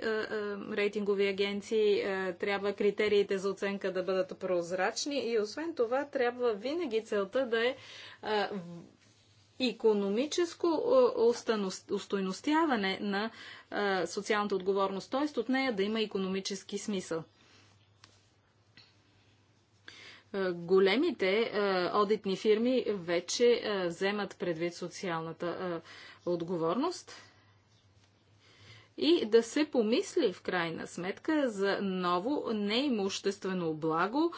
рейтингови агенции. Трябва критериите за оценка да бъдат прозрачни и освен това трябва винаги целта да е економическо устойностяване на социалната отговорност, т.е. от нея да има економически смисъл. Е, големите е, одитни фирми вече е, вземат предвид социалната отговорност и да се помисли в крайна сметка за ново неимуществено благо,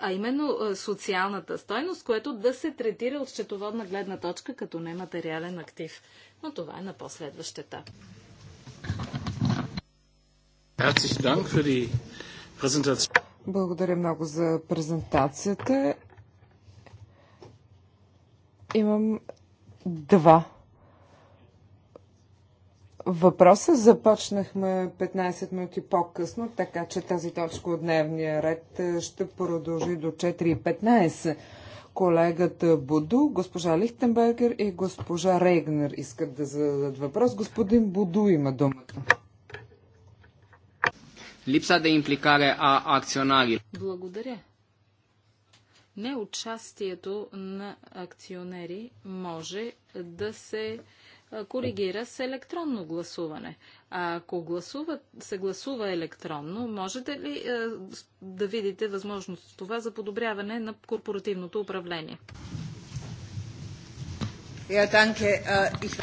а именно социалната стойност, което да се третира от счетоводна гледна точка като нематериален актив. Но това е на последващ етап. Herzlichen Dank für die Präsentation. Благодаря много за презентацията. Имам два въпроса. Започнахме 15 минути по-късно, така че тази точка от дневния ред е, ще продължи до 4.15. Колегата Буду, госпожа Лихтенбергер и госпожа Рейгнер искат да зададат въпрос. Господин Буду има думата. Липса de implicare a acționarilor. Благодаря. Неучастието на акционери може да се коригира с електронно гласуване. А ако гласува, се гласува електронно, можете ли е, да видите възможност това за подобряване на корпоративното управление?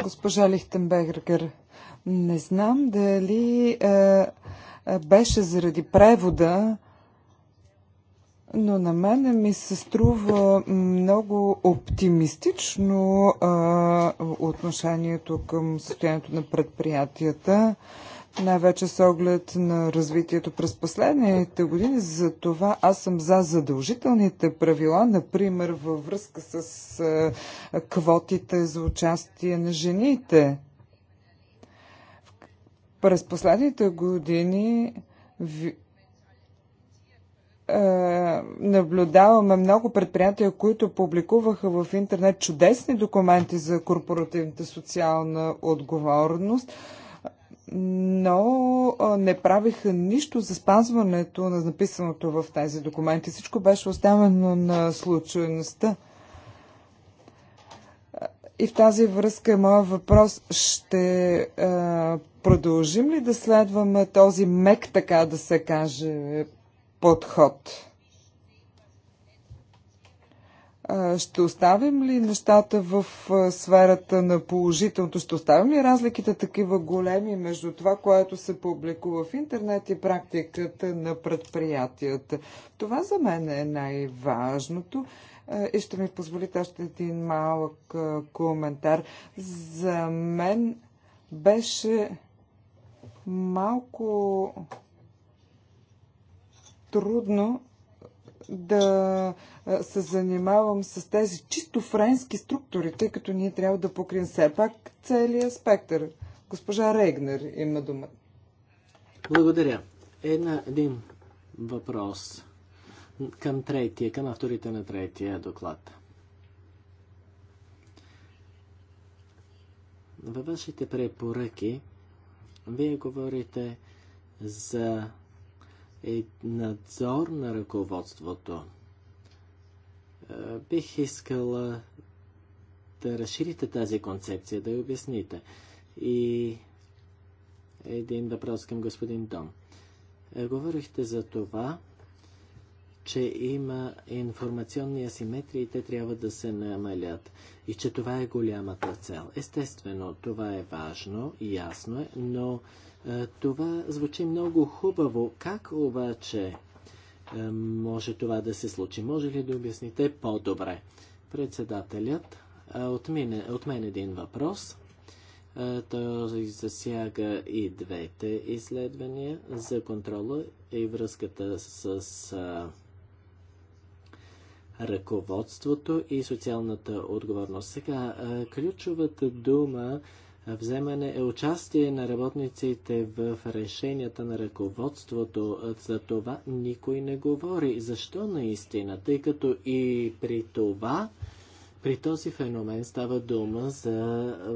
Госпожа Лихтенбергер, не знам дали е, е, беше заради превода, но на мене ми се струва много оптимистично а, отношението към състоянието на предприятията, най-вече с оглед на развитието през последните години. За това аз съм за задължителните правила, например във връзка с а, квотите за участие на жените през последните години ви, е, наблюдаваме много предприятия, които публикуваха в интернет чудесни документи за корпоративната социална отговорност но е, не правиха нищо за спазването на написаното в тези документи. Всичко беше оставено на случайността. И в тази връзка е моят въпрос ще а, е, продължим ли да следваме този мек, така да се каже, подход? Ще оставим ли нещата в сферата на положителното? Ще оставим ли разликите такива големи между това, което се публикува в интернет и практиката на предприятията? Това за мен е най-важното. Е, и ще ми позволите още един малък е, коментар. За мен беше малко трудно да е, се занимавам с тези чисто френски структури, тъй като ние трябва да покрием все пак целия спектър. Госпожа Регнер има дума. Благодаря. Една, един въпрос към третия, към авторите на третия доклад. Във вашите препоръки вие говорите за е, надзор на ръководството. Е, бих искала да разширите тази концепция, да я обясните. И един въпрос към господин Дом. Е, говорихте за това, че има информационни асиметрии и те трябва да се намалят. И че това е голямата цел. Естествено, това е важно, и ясно е, но е, това звучи много хубаво. Как обаче е, може това да се случи? Може ли да обясните по-добре? Председателят е, от, мине, от мен един въпрос. Е, той засяга и двете изследвания за контрола и връзката с. Е, ръководството и социалната отговорност. Сега, ключовата дума вземане е участие на работниците в решенията на ръководството. За това никой не говори. Защо наистина? Тъй като и при това, при този феномен става дума за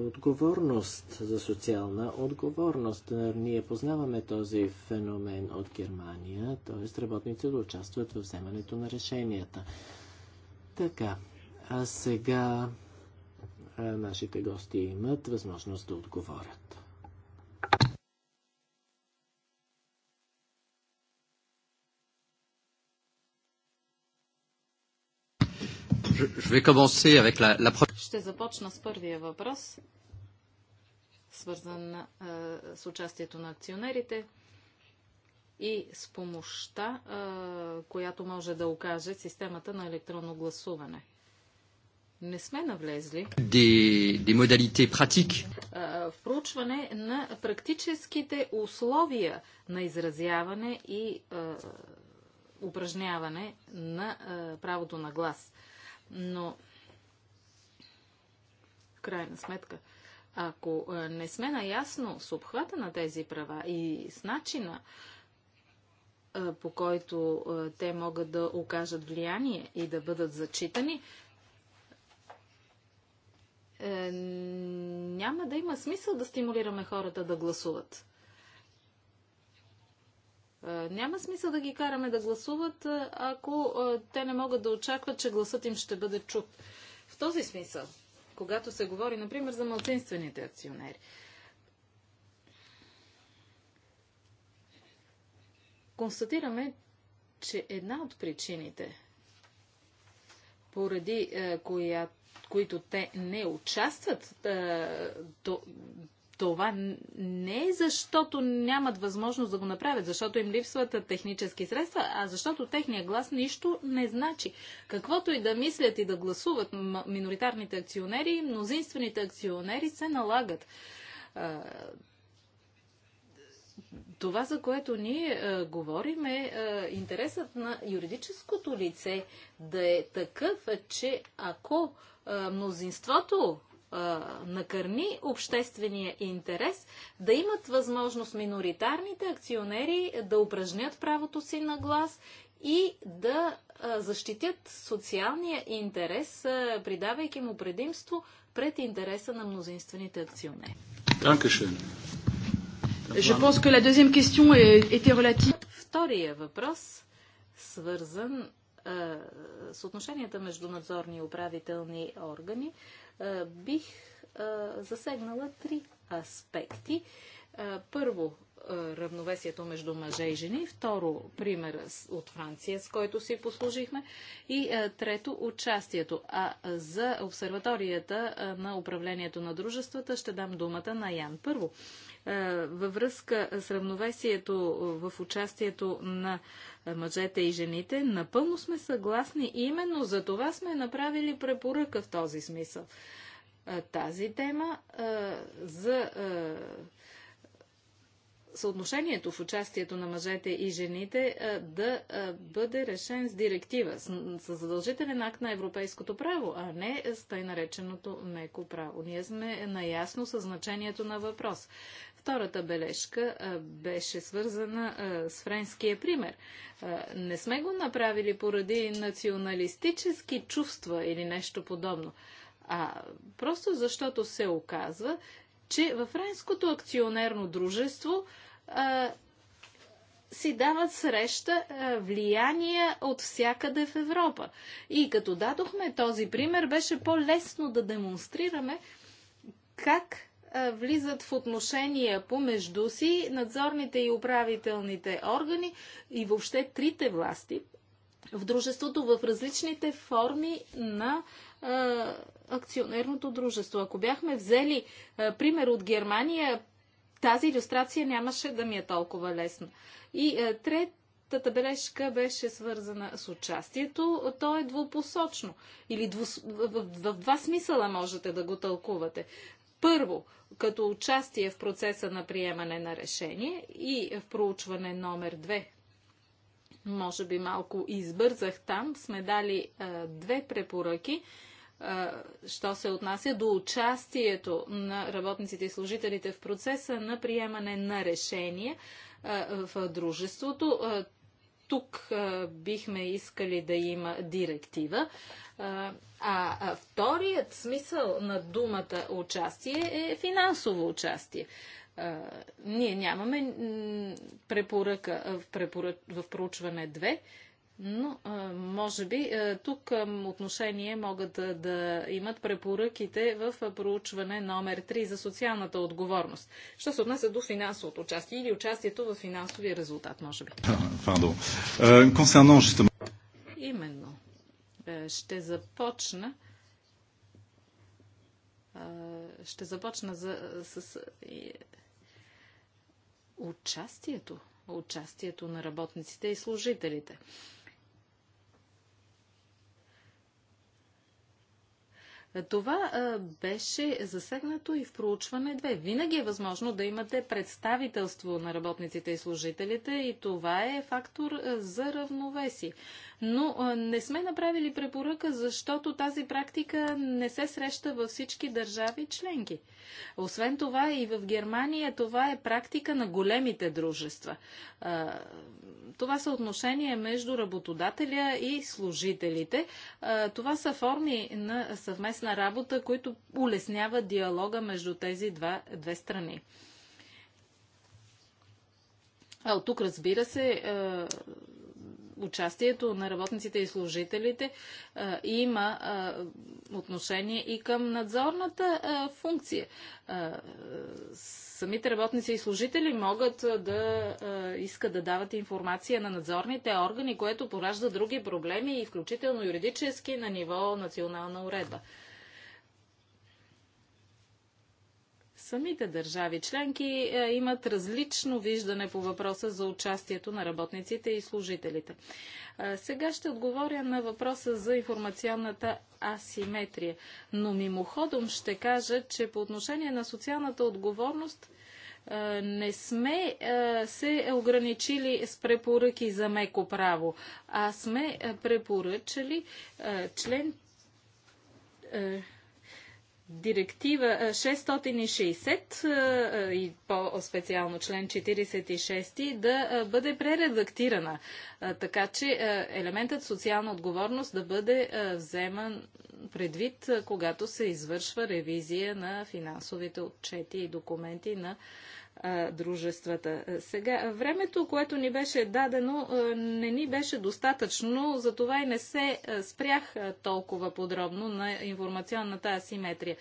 отговорност, за социална отговорност. Ние познаваме този феномен от Германия, т.е. работниците участват в вземането на решенията. Така, а сега а, нашите гости имат възможност да отговорят. Ще започна с първия въпрос, свързан с участието на акционерите и с помощта, която може да окаже системата на електронно гласуване. Не сме навлезли в проучване на практическите условия на изразяване и упражняване на правото на глас. Но, в крайна сметка, ако не сме наясно с обхвата на тези права и с начина, по който те могат да окажат влияние и да бъдат зачитани, е, няма да има смисъл да стимулираме хората да гласуват. Е, няма смисъл да ги караме да гласуват, е, ако те не могат да очакват, че гласът им ще бъде чут. В този смисъл, когато се говори, например, за малцинствените акционери, констатираме, че една от причините, поради е, коя, които те не участват, е, то, това не е защото нямат възможност да го направят, защото им липсват технически средства, а защото техния глас нищо не значи. Каквото и да мислят и да гласуват миноритарните акционери, мнозинствените акционери се налагат. Е, това, за което ние а, е, говорим е а, е, интересът на юридическото лице да е такъв, че ако а, е, мнозинството накърни обществения интерес, да имат възможност миноритарните акционери да упражнят правото си на глас и да защитят социалния интерес, придавайки му предимство пред интереса на мнозинствените акционери. Dankeschön. Je pense que la deuxième question était relative. Втория въпрос, свързан с отношенията между надзорни и управителни органи, бих засегнала три аспекти. Първо, равновесието между мъже и жени. Второ, пример от Франция, с който си послужихме. И трето, участието. А за обсерваторията на управлението на дружествата ще дам думата на Ян. Първо, във връзка с равновесието в участието на мъжете и жените, напълно сме съгласни и именно за това сме направили препоръка в този смисъл. Тази тема за съотношението в участието на мъжете и жените да бъде решен с директива, с, задължителен акт на европейското право, а не с тъй нареченото меко право. Ние сме наясно със значението на въпрос. Втората бележка беше свързана с френския пример. Не сме го направили поради националистически чувства или нещо подобно, а просто защото се оказва, че във френското акционерно дружество си дават среща влияние от всякъде в Европа. И като дадохме този пример, беше по-лесно да демонстрираме как влизат в отношения помежду си надзорните и управителните органи и въобще трите власти в дружеството в различните форми на а, акционерното дружество. Ако бяхме взели а, пример от Германия, тази иллюстрация нямаше да ми е толкова лесна. И е, третата бележка беше свързана с участието. То е двупосочно. Или двус... в, в, в два смисъла можете да го тълкувате. Първо, като участие в процеса на приемане на решение и в проучване номер две. може би малко избързах там, сме дали а, е, две препоръки що се отнася до участието на работниците и служителите в процеса на приемане на решение в дружеството. Тук бихме искали да има директива. А вторият смисъл на думата участие е финансово участие. Ние нямаме препоръка в, в проучване 2 но, може би, тук отношение могат да имат препоръките в проучване номер 3 за социалната отговорност. Що се отнася до финансовото участие или участието в финансовия резултат, може би. Е, Именно. Е, ще започна ще започна за, с участието, участието на работниците и служителите. Това беше засегнато и в проучване 2. Винаги е възможно да имате представителство на работниците и служителите и това е фактор за равновесие но не сме направили препоръка, защото тази практика не се среща във всички държави членки. Освен това и в Германия това е практика на големите дружества. Това са отношения между работодателя и служителите. Това са форми на съвместна работа, които улесняват диалога между тези два, две страни. А от тук, разбира се, участието на работниците и служителите има отношение и към надзорната функция. Самите работници и служители могат да искат да дават информация на надзорните органи, което поражда други проблеми, включително юридически на ниво национална уредба. Самите държави членки е, имат различно виждане по въпроса за участието на работниците и служителите. Е, сега ще отговоря на въпроса за информационната асиметрия, но мимоходом ще кажа, че по отношение на социалната отговорност е, не сме се ограничили с препоръки за меко право, а сме препоръчали член Директива 660 и по-специално член 46 да бъде прередактирана, така че елементът социална отговорност да бъде вземан предвид, когато се извършва ревизия на финансовите отчети и документи на дружествата. Сега, времето, което ни беше дадено, не ни беше достатъчно, затова и не се спрях толкова подробно на информационната асиметрия.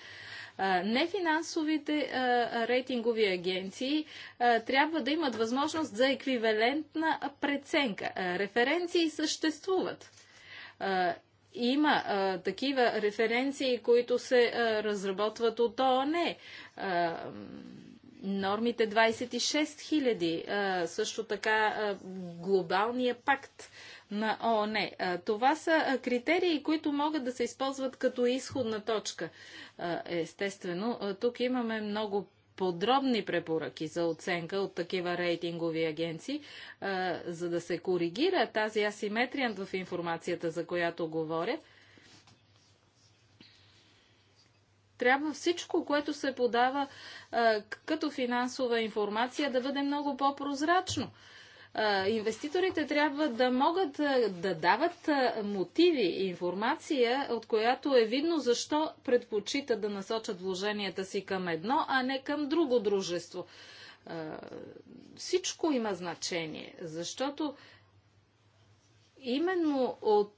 Нефинансовите рейтингови агенции трябва да имат възможност за еквивалентна преценка. Референции съществуват има а, такива референции, които се а, разработват от ООН. А, нормите 26 000, също така глобалния пакт на ООН. Това са критерии, които могат да се използват като изходна точка. Естествено, тук имаме много подробни препоръки за оценка от такива рейтингови агенции, за да се коригира тази асиметрия в информацията, за която говоря – трябва всичко, което се подава а, като финансова информация, да бъде много по-прозрачно. Инвеститорите трябва да могат а, да дават а, мотиви, информация, от която е видно защо предпочитат да насочат вложенията си към едно, а не към друго дружество. Всичко има значение, защото именно от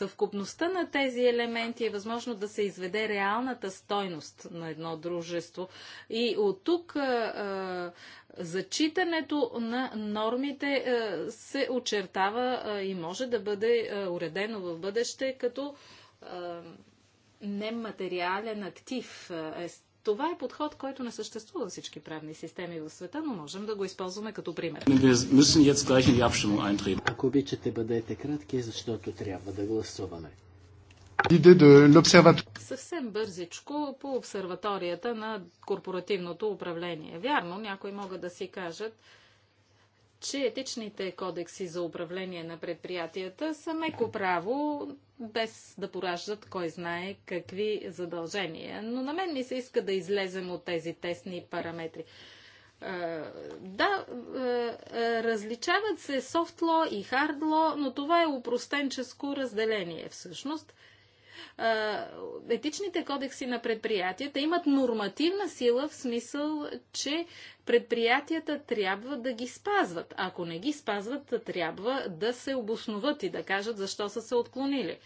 съвкупността на тези елементи е възможно да се изведе реалната стойност на едно дружество. И от тук зачитането на нормите се очертава и може да бъде уредено в бъдеще като нематериален актив. Е, това е подход, който не съществува във всички правни системи в света, но можем да го използваме като пример. Ако обичате, бъдете кратки, защото трябва да гласуваме. Съвсем бързичко по обсерваторията на корпоративното управление. Вярно, някои могат да си кажат, че етичните кодекси за управление на предприятията са меко право, без да пораждат кой знае какви задължения. Но на мен ми се иска да излезем от тези тесни параметри. Да, различават се софтло и хардло, но това е упростенческо разделение всъщност – етичните кодекси на предприятията имат нормативна сила в смисъл, че предприятията трябва да ги спазват. Ако не ги спазват, трябва да се обосноват и да кажат защо са се отклонили.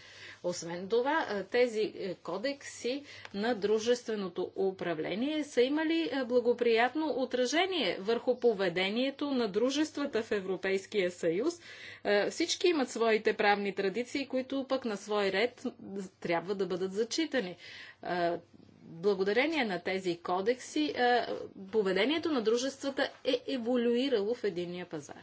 Освен това, тези е, кодекси на дружественото управление са имали е, благоприятно отражение върху поведението на дружествата в Европейския съюз. Е, всички имат своите правни традиции, които пък на свой ред трябва да бъдат зачитани благодарение на тези кодекси поведението на дружествата е еволюирало в единния пазар.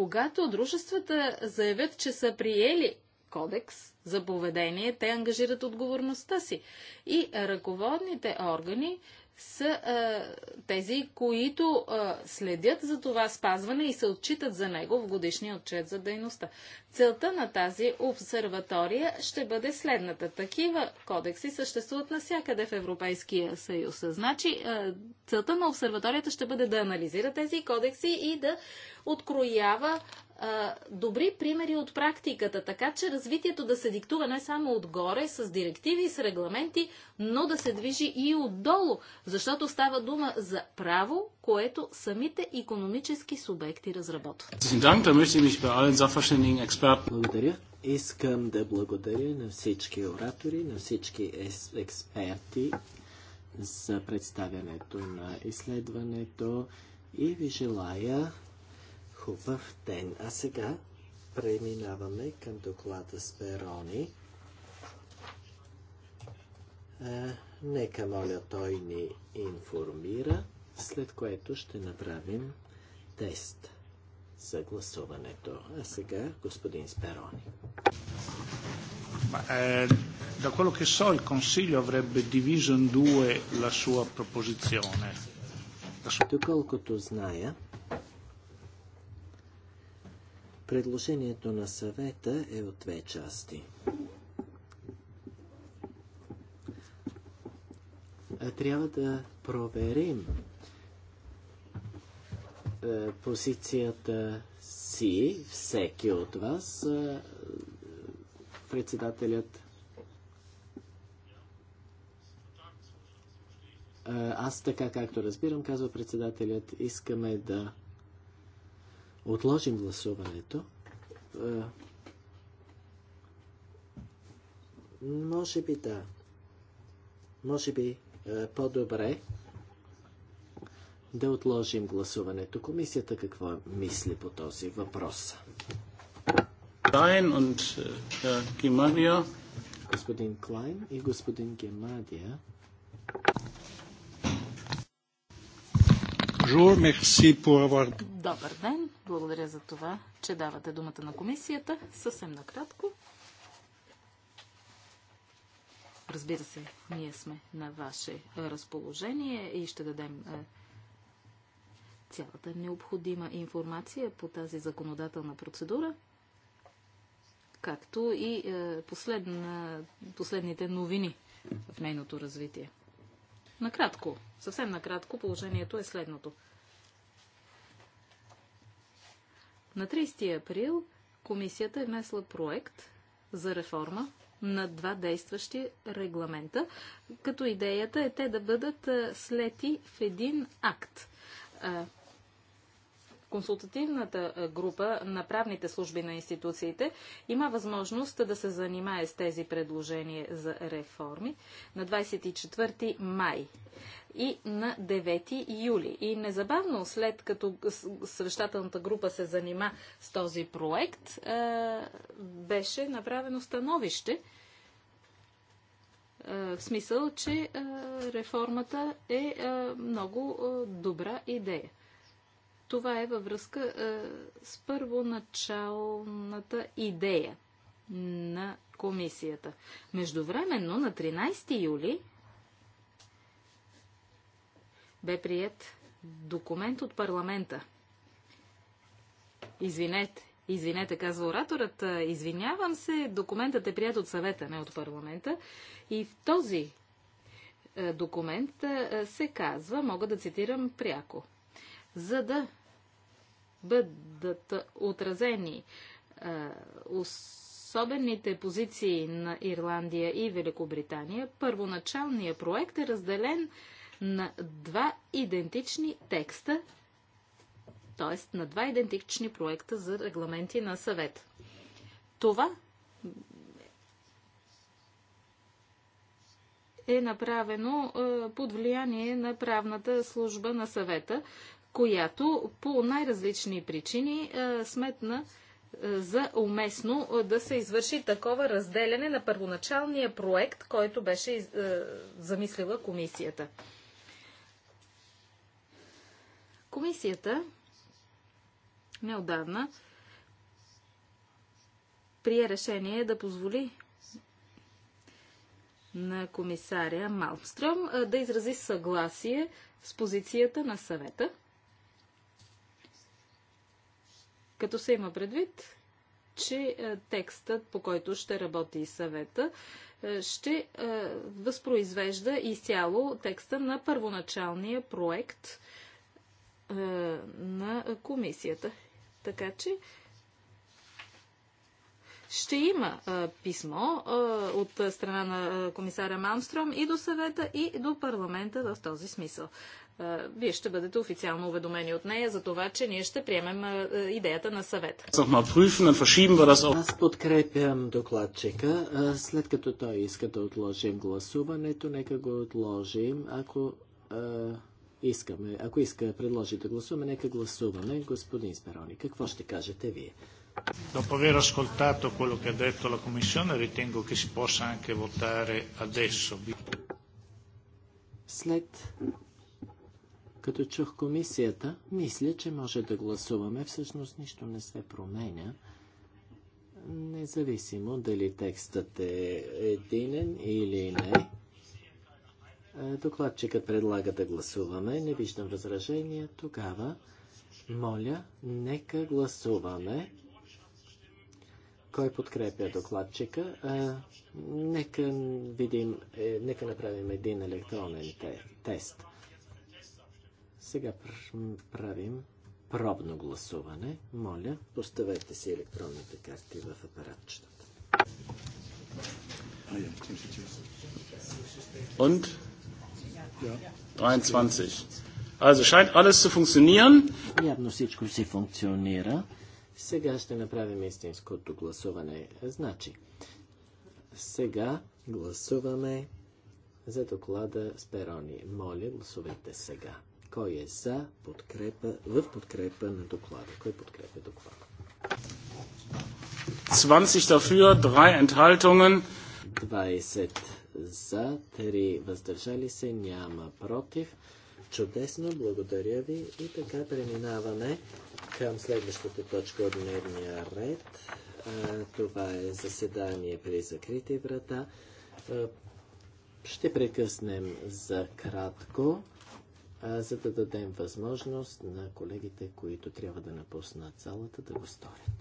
когато дружествата заявят, че са приели кодекс за поведение, те ангажират отговорността си. И ръководните органи са а, тези, които а, следят за това спазване и се отчитат за него в годишния отчет за дейността. Целта на тази обсерватория ще бъде следната. Такива кодекси съществуват навсякъде в Европейския съюз. Значи, а, целта на обсерваторията ще бъде да анализира тези кодекси и да откроява добри примери от практиката, така че развитието да се диктува не само отгоре, с директиви и с регламенти, но да се движи и отдолу, защото става дума за право, което самите економически субекти разработват. Благодаря. Искам да благодаря на всички оратори, на всички експерти за представянето на изследването и ви желая хубав ден. А сега преминаваме към доклада с Верони. Е, нека, моля, той ни информира, след което ще направим тест за гласуването. А сега господин Сперони. Da е, quello che so il Consiglio avrebbe diviso in due la sua proposizione. Доколкото зная, Предложението на съвета е от две части. Трябва да проверим позицията си, всеки от вас, председателят. Аз така както разбирам, казва председателят, искаме да отложим гласуването. Е, може би да. Може би е, по-добре да отложим гласуването. Комисията какво мисли по този въпрос? Е, господин Клайн и господин Гемадия Добър ден. Благодаря за това, че давате думата на комисията. Съвсем накратко. Разбира се, ние сме на ваше разположение и ще дадем е, цялата необходима информация по тази законодателна процедура, както и е, последните новини в нейното развитие. Накратко, съвсем накратко, положението е следното. На 30 април комисията е внесла проект за реформа на два действащи регламента, като идеята е те да бъдат слети в един акт. Консултативната група на правните служби на институциите има възможност да се занимае с тези предложения за реформи на 24 май и на 9 юли. И незабавно, след като съвещателната група се занима с този проект, беше направено становище в смисъл, че реформата е много добра идея. Това е във връзка е, с първоначалната идея на комисията. Междувременно на 13 юли бе прият документ от парламента. Извинете, извинете, казва ораторът, е, извинявам се, документът е прият от съвета, не от парламента. И в този е, документ е, се казва, мога да цитирам пряко. За да бъдат отразени е, особените позиции на Ирландия и Великобритания, първоначалният проект е разделен на два идентични текста, т.е. на два идентични проекта за регламенти на съвет. Това е направено е, под влияние на правната служба на съвета, която по най-различни причини е, сметна е, за уместно е, да се извърши такова разделяне на първоначалния проект, който беше замислила комисията. Комисията неодавна прие решение да позволи на комисаря Малмстрем да изрази съгласие с позицията на съвета Като се има предвид, че е, текстът, по който ще работи и съвета, е, ще е, възпроизвежда изцяло текста на първоначалния проект на комисията. Така че ще има а, писмо а, от страна на комисаря Малмстром и до съвета, и до парламента в този смисъл. А, вие ще бъдете официално уведомени от нея за това, че ние ще приемем идеята на съвета. Аз подкрепям докладчика. След като той иска да отложим гласуването, нека го отложим. Ако искаме, ако иска предложи да гласуваме, нека гласуваме. Господин Спероник. какво ще кажете вие? Dopo aver ascoltato quello che ha detto la Commissione, ritengo che si possa anche votare adesso. След като чух комисията, мисля, че може да гласуваме. Всъщност нищо не се променя. Независимо дали текстът е единен или не. Докладчикът предлага да гласуваме. Не виждам възражения. Тогава, моля, нека гласуваме кой подкрепя докладчика? А, нека видим, е, нека направим един електронен те, тест. Сега пр- правим пробно гласуване. Моля, поставете си електронните карти в апаратчетата. Und? Ja. 23. Also scheint alles zu funktionieren. Ja, всичко си сега ще направим истинското гласуване. Значи, сега гласуваме за доклада с перони. Моля, гласувайте сега. Кой е за подкрепа, в подкрепа на доклада? Кой подкрепя доклада? 20 dafür, 3 enthaltungen. 20 за, 3 въздържали се, няма против. Чудесно, благодаря ви. И така преминаваме към следващата точка от дневния ред. Това е заседание при закрити врата. Ще прекъснем за кратко, за да дадем възможност на колегите, които трябва да напуснат залата, да го сторят.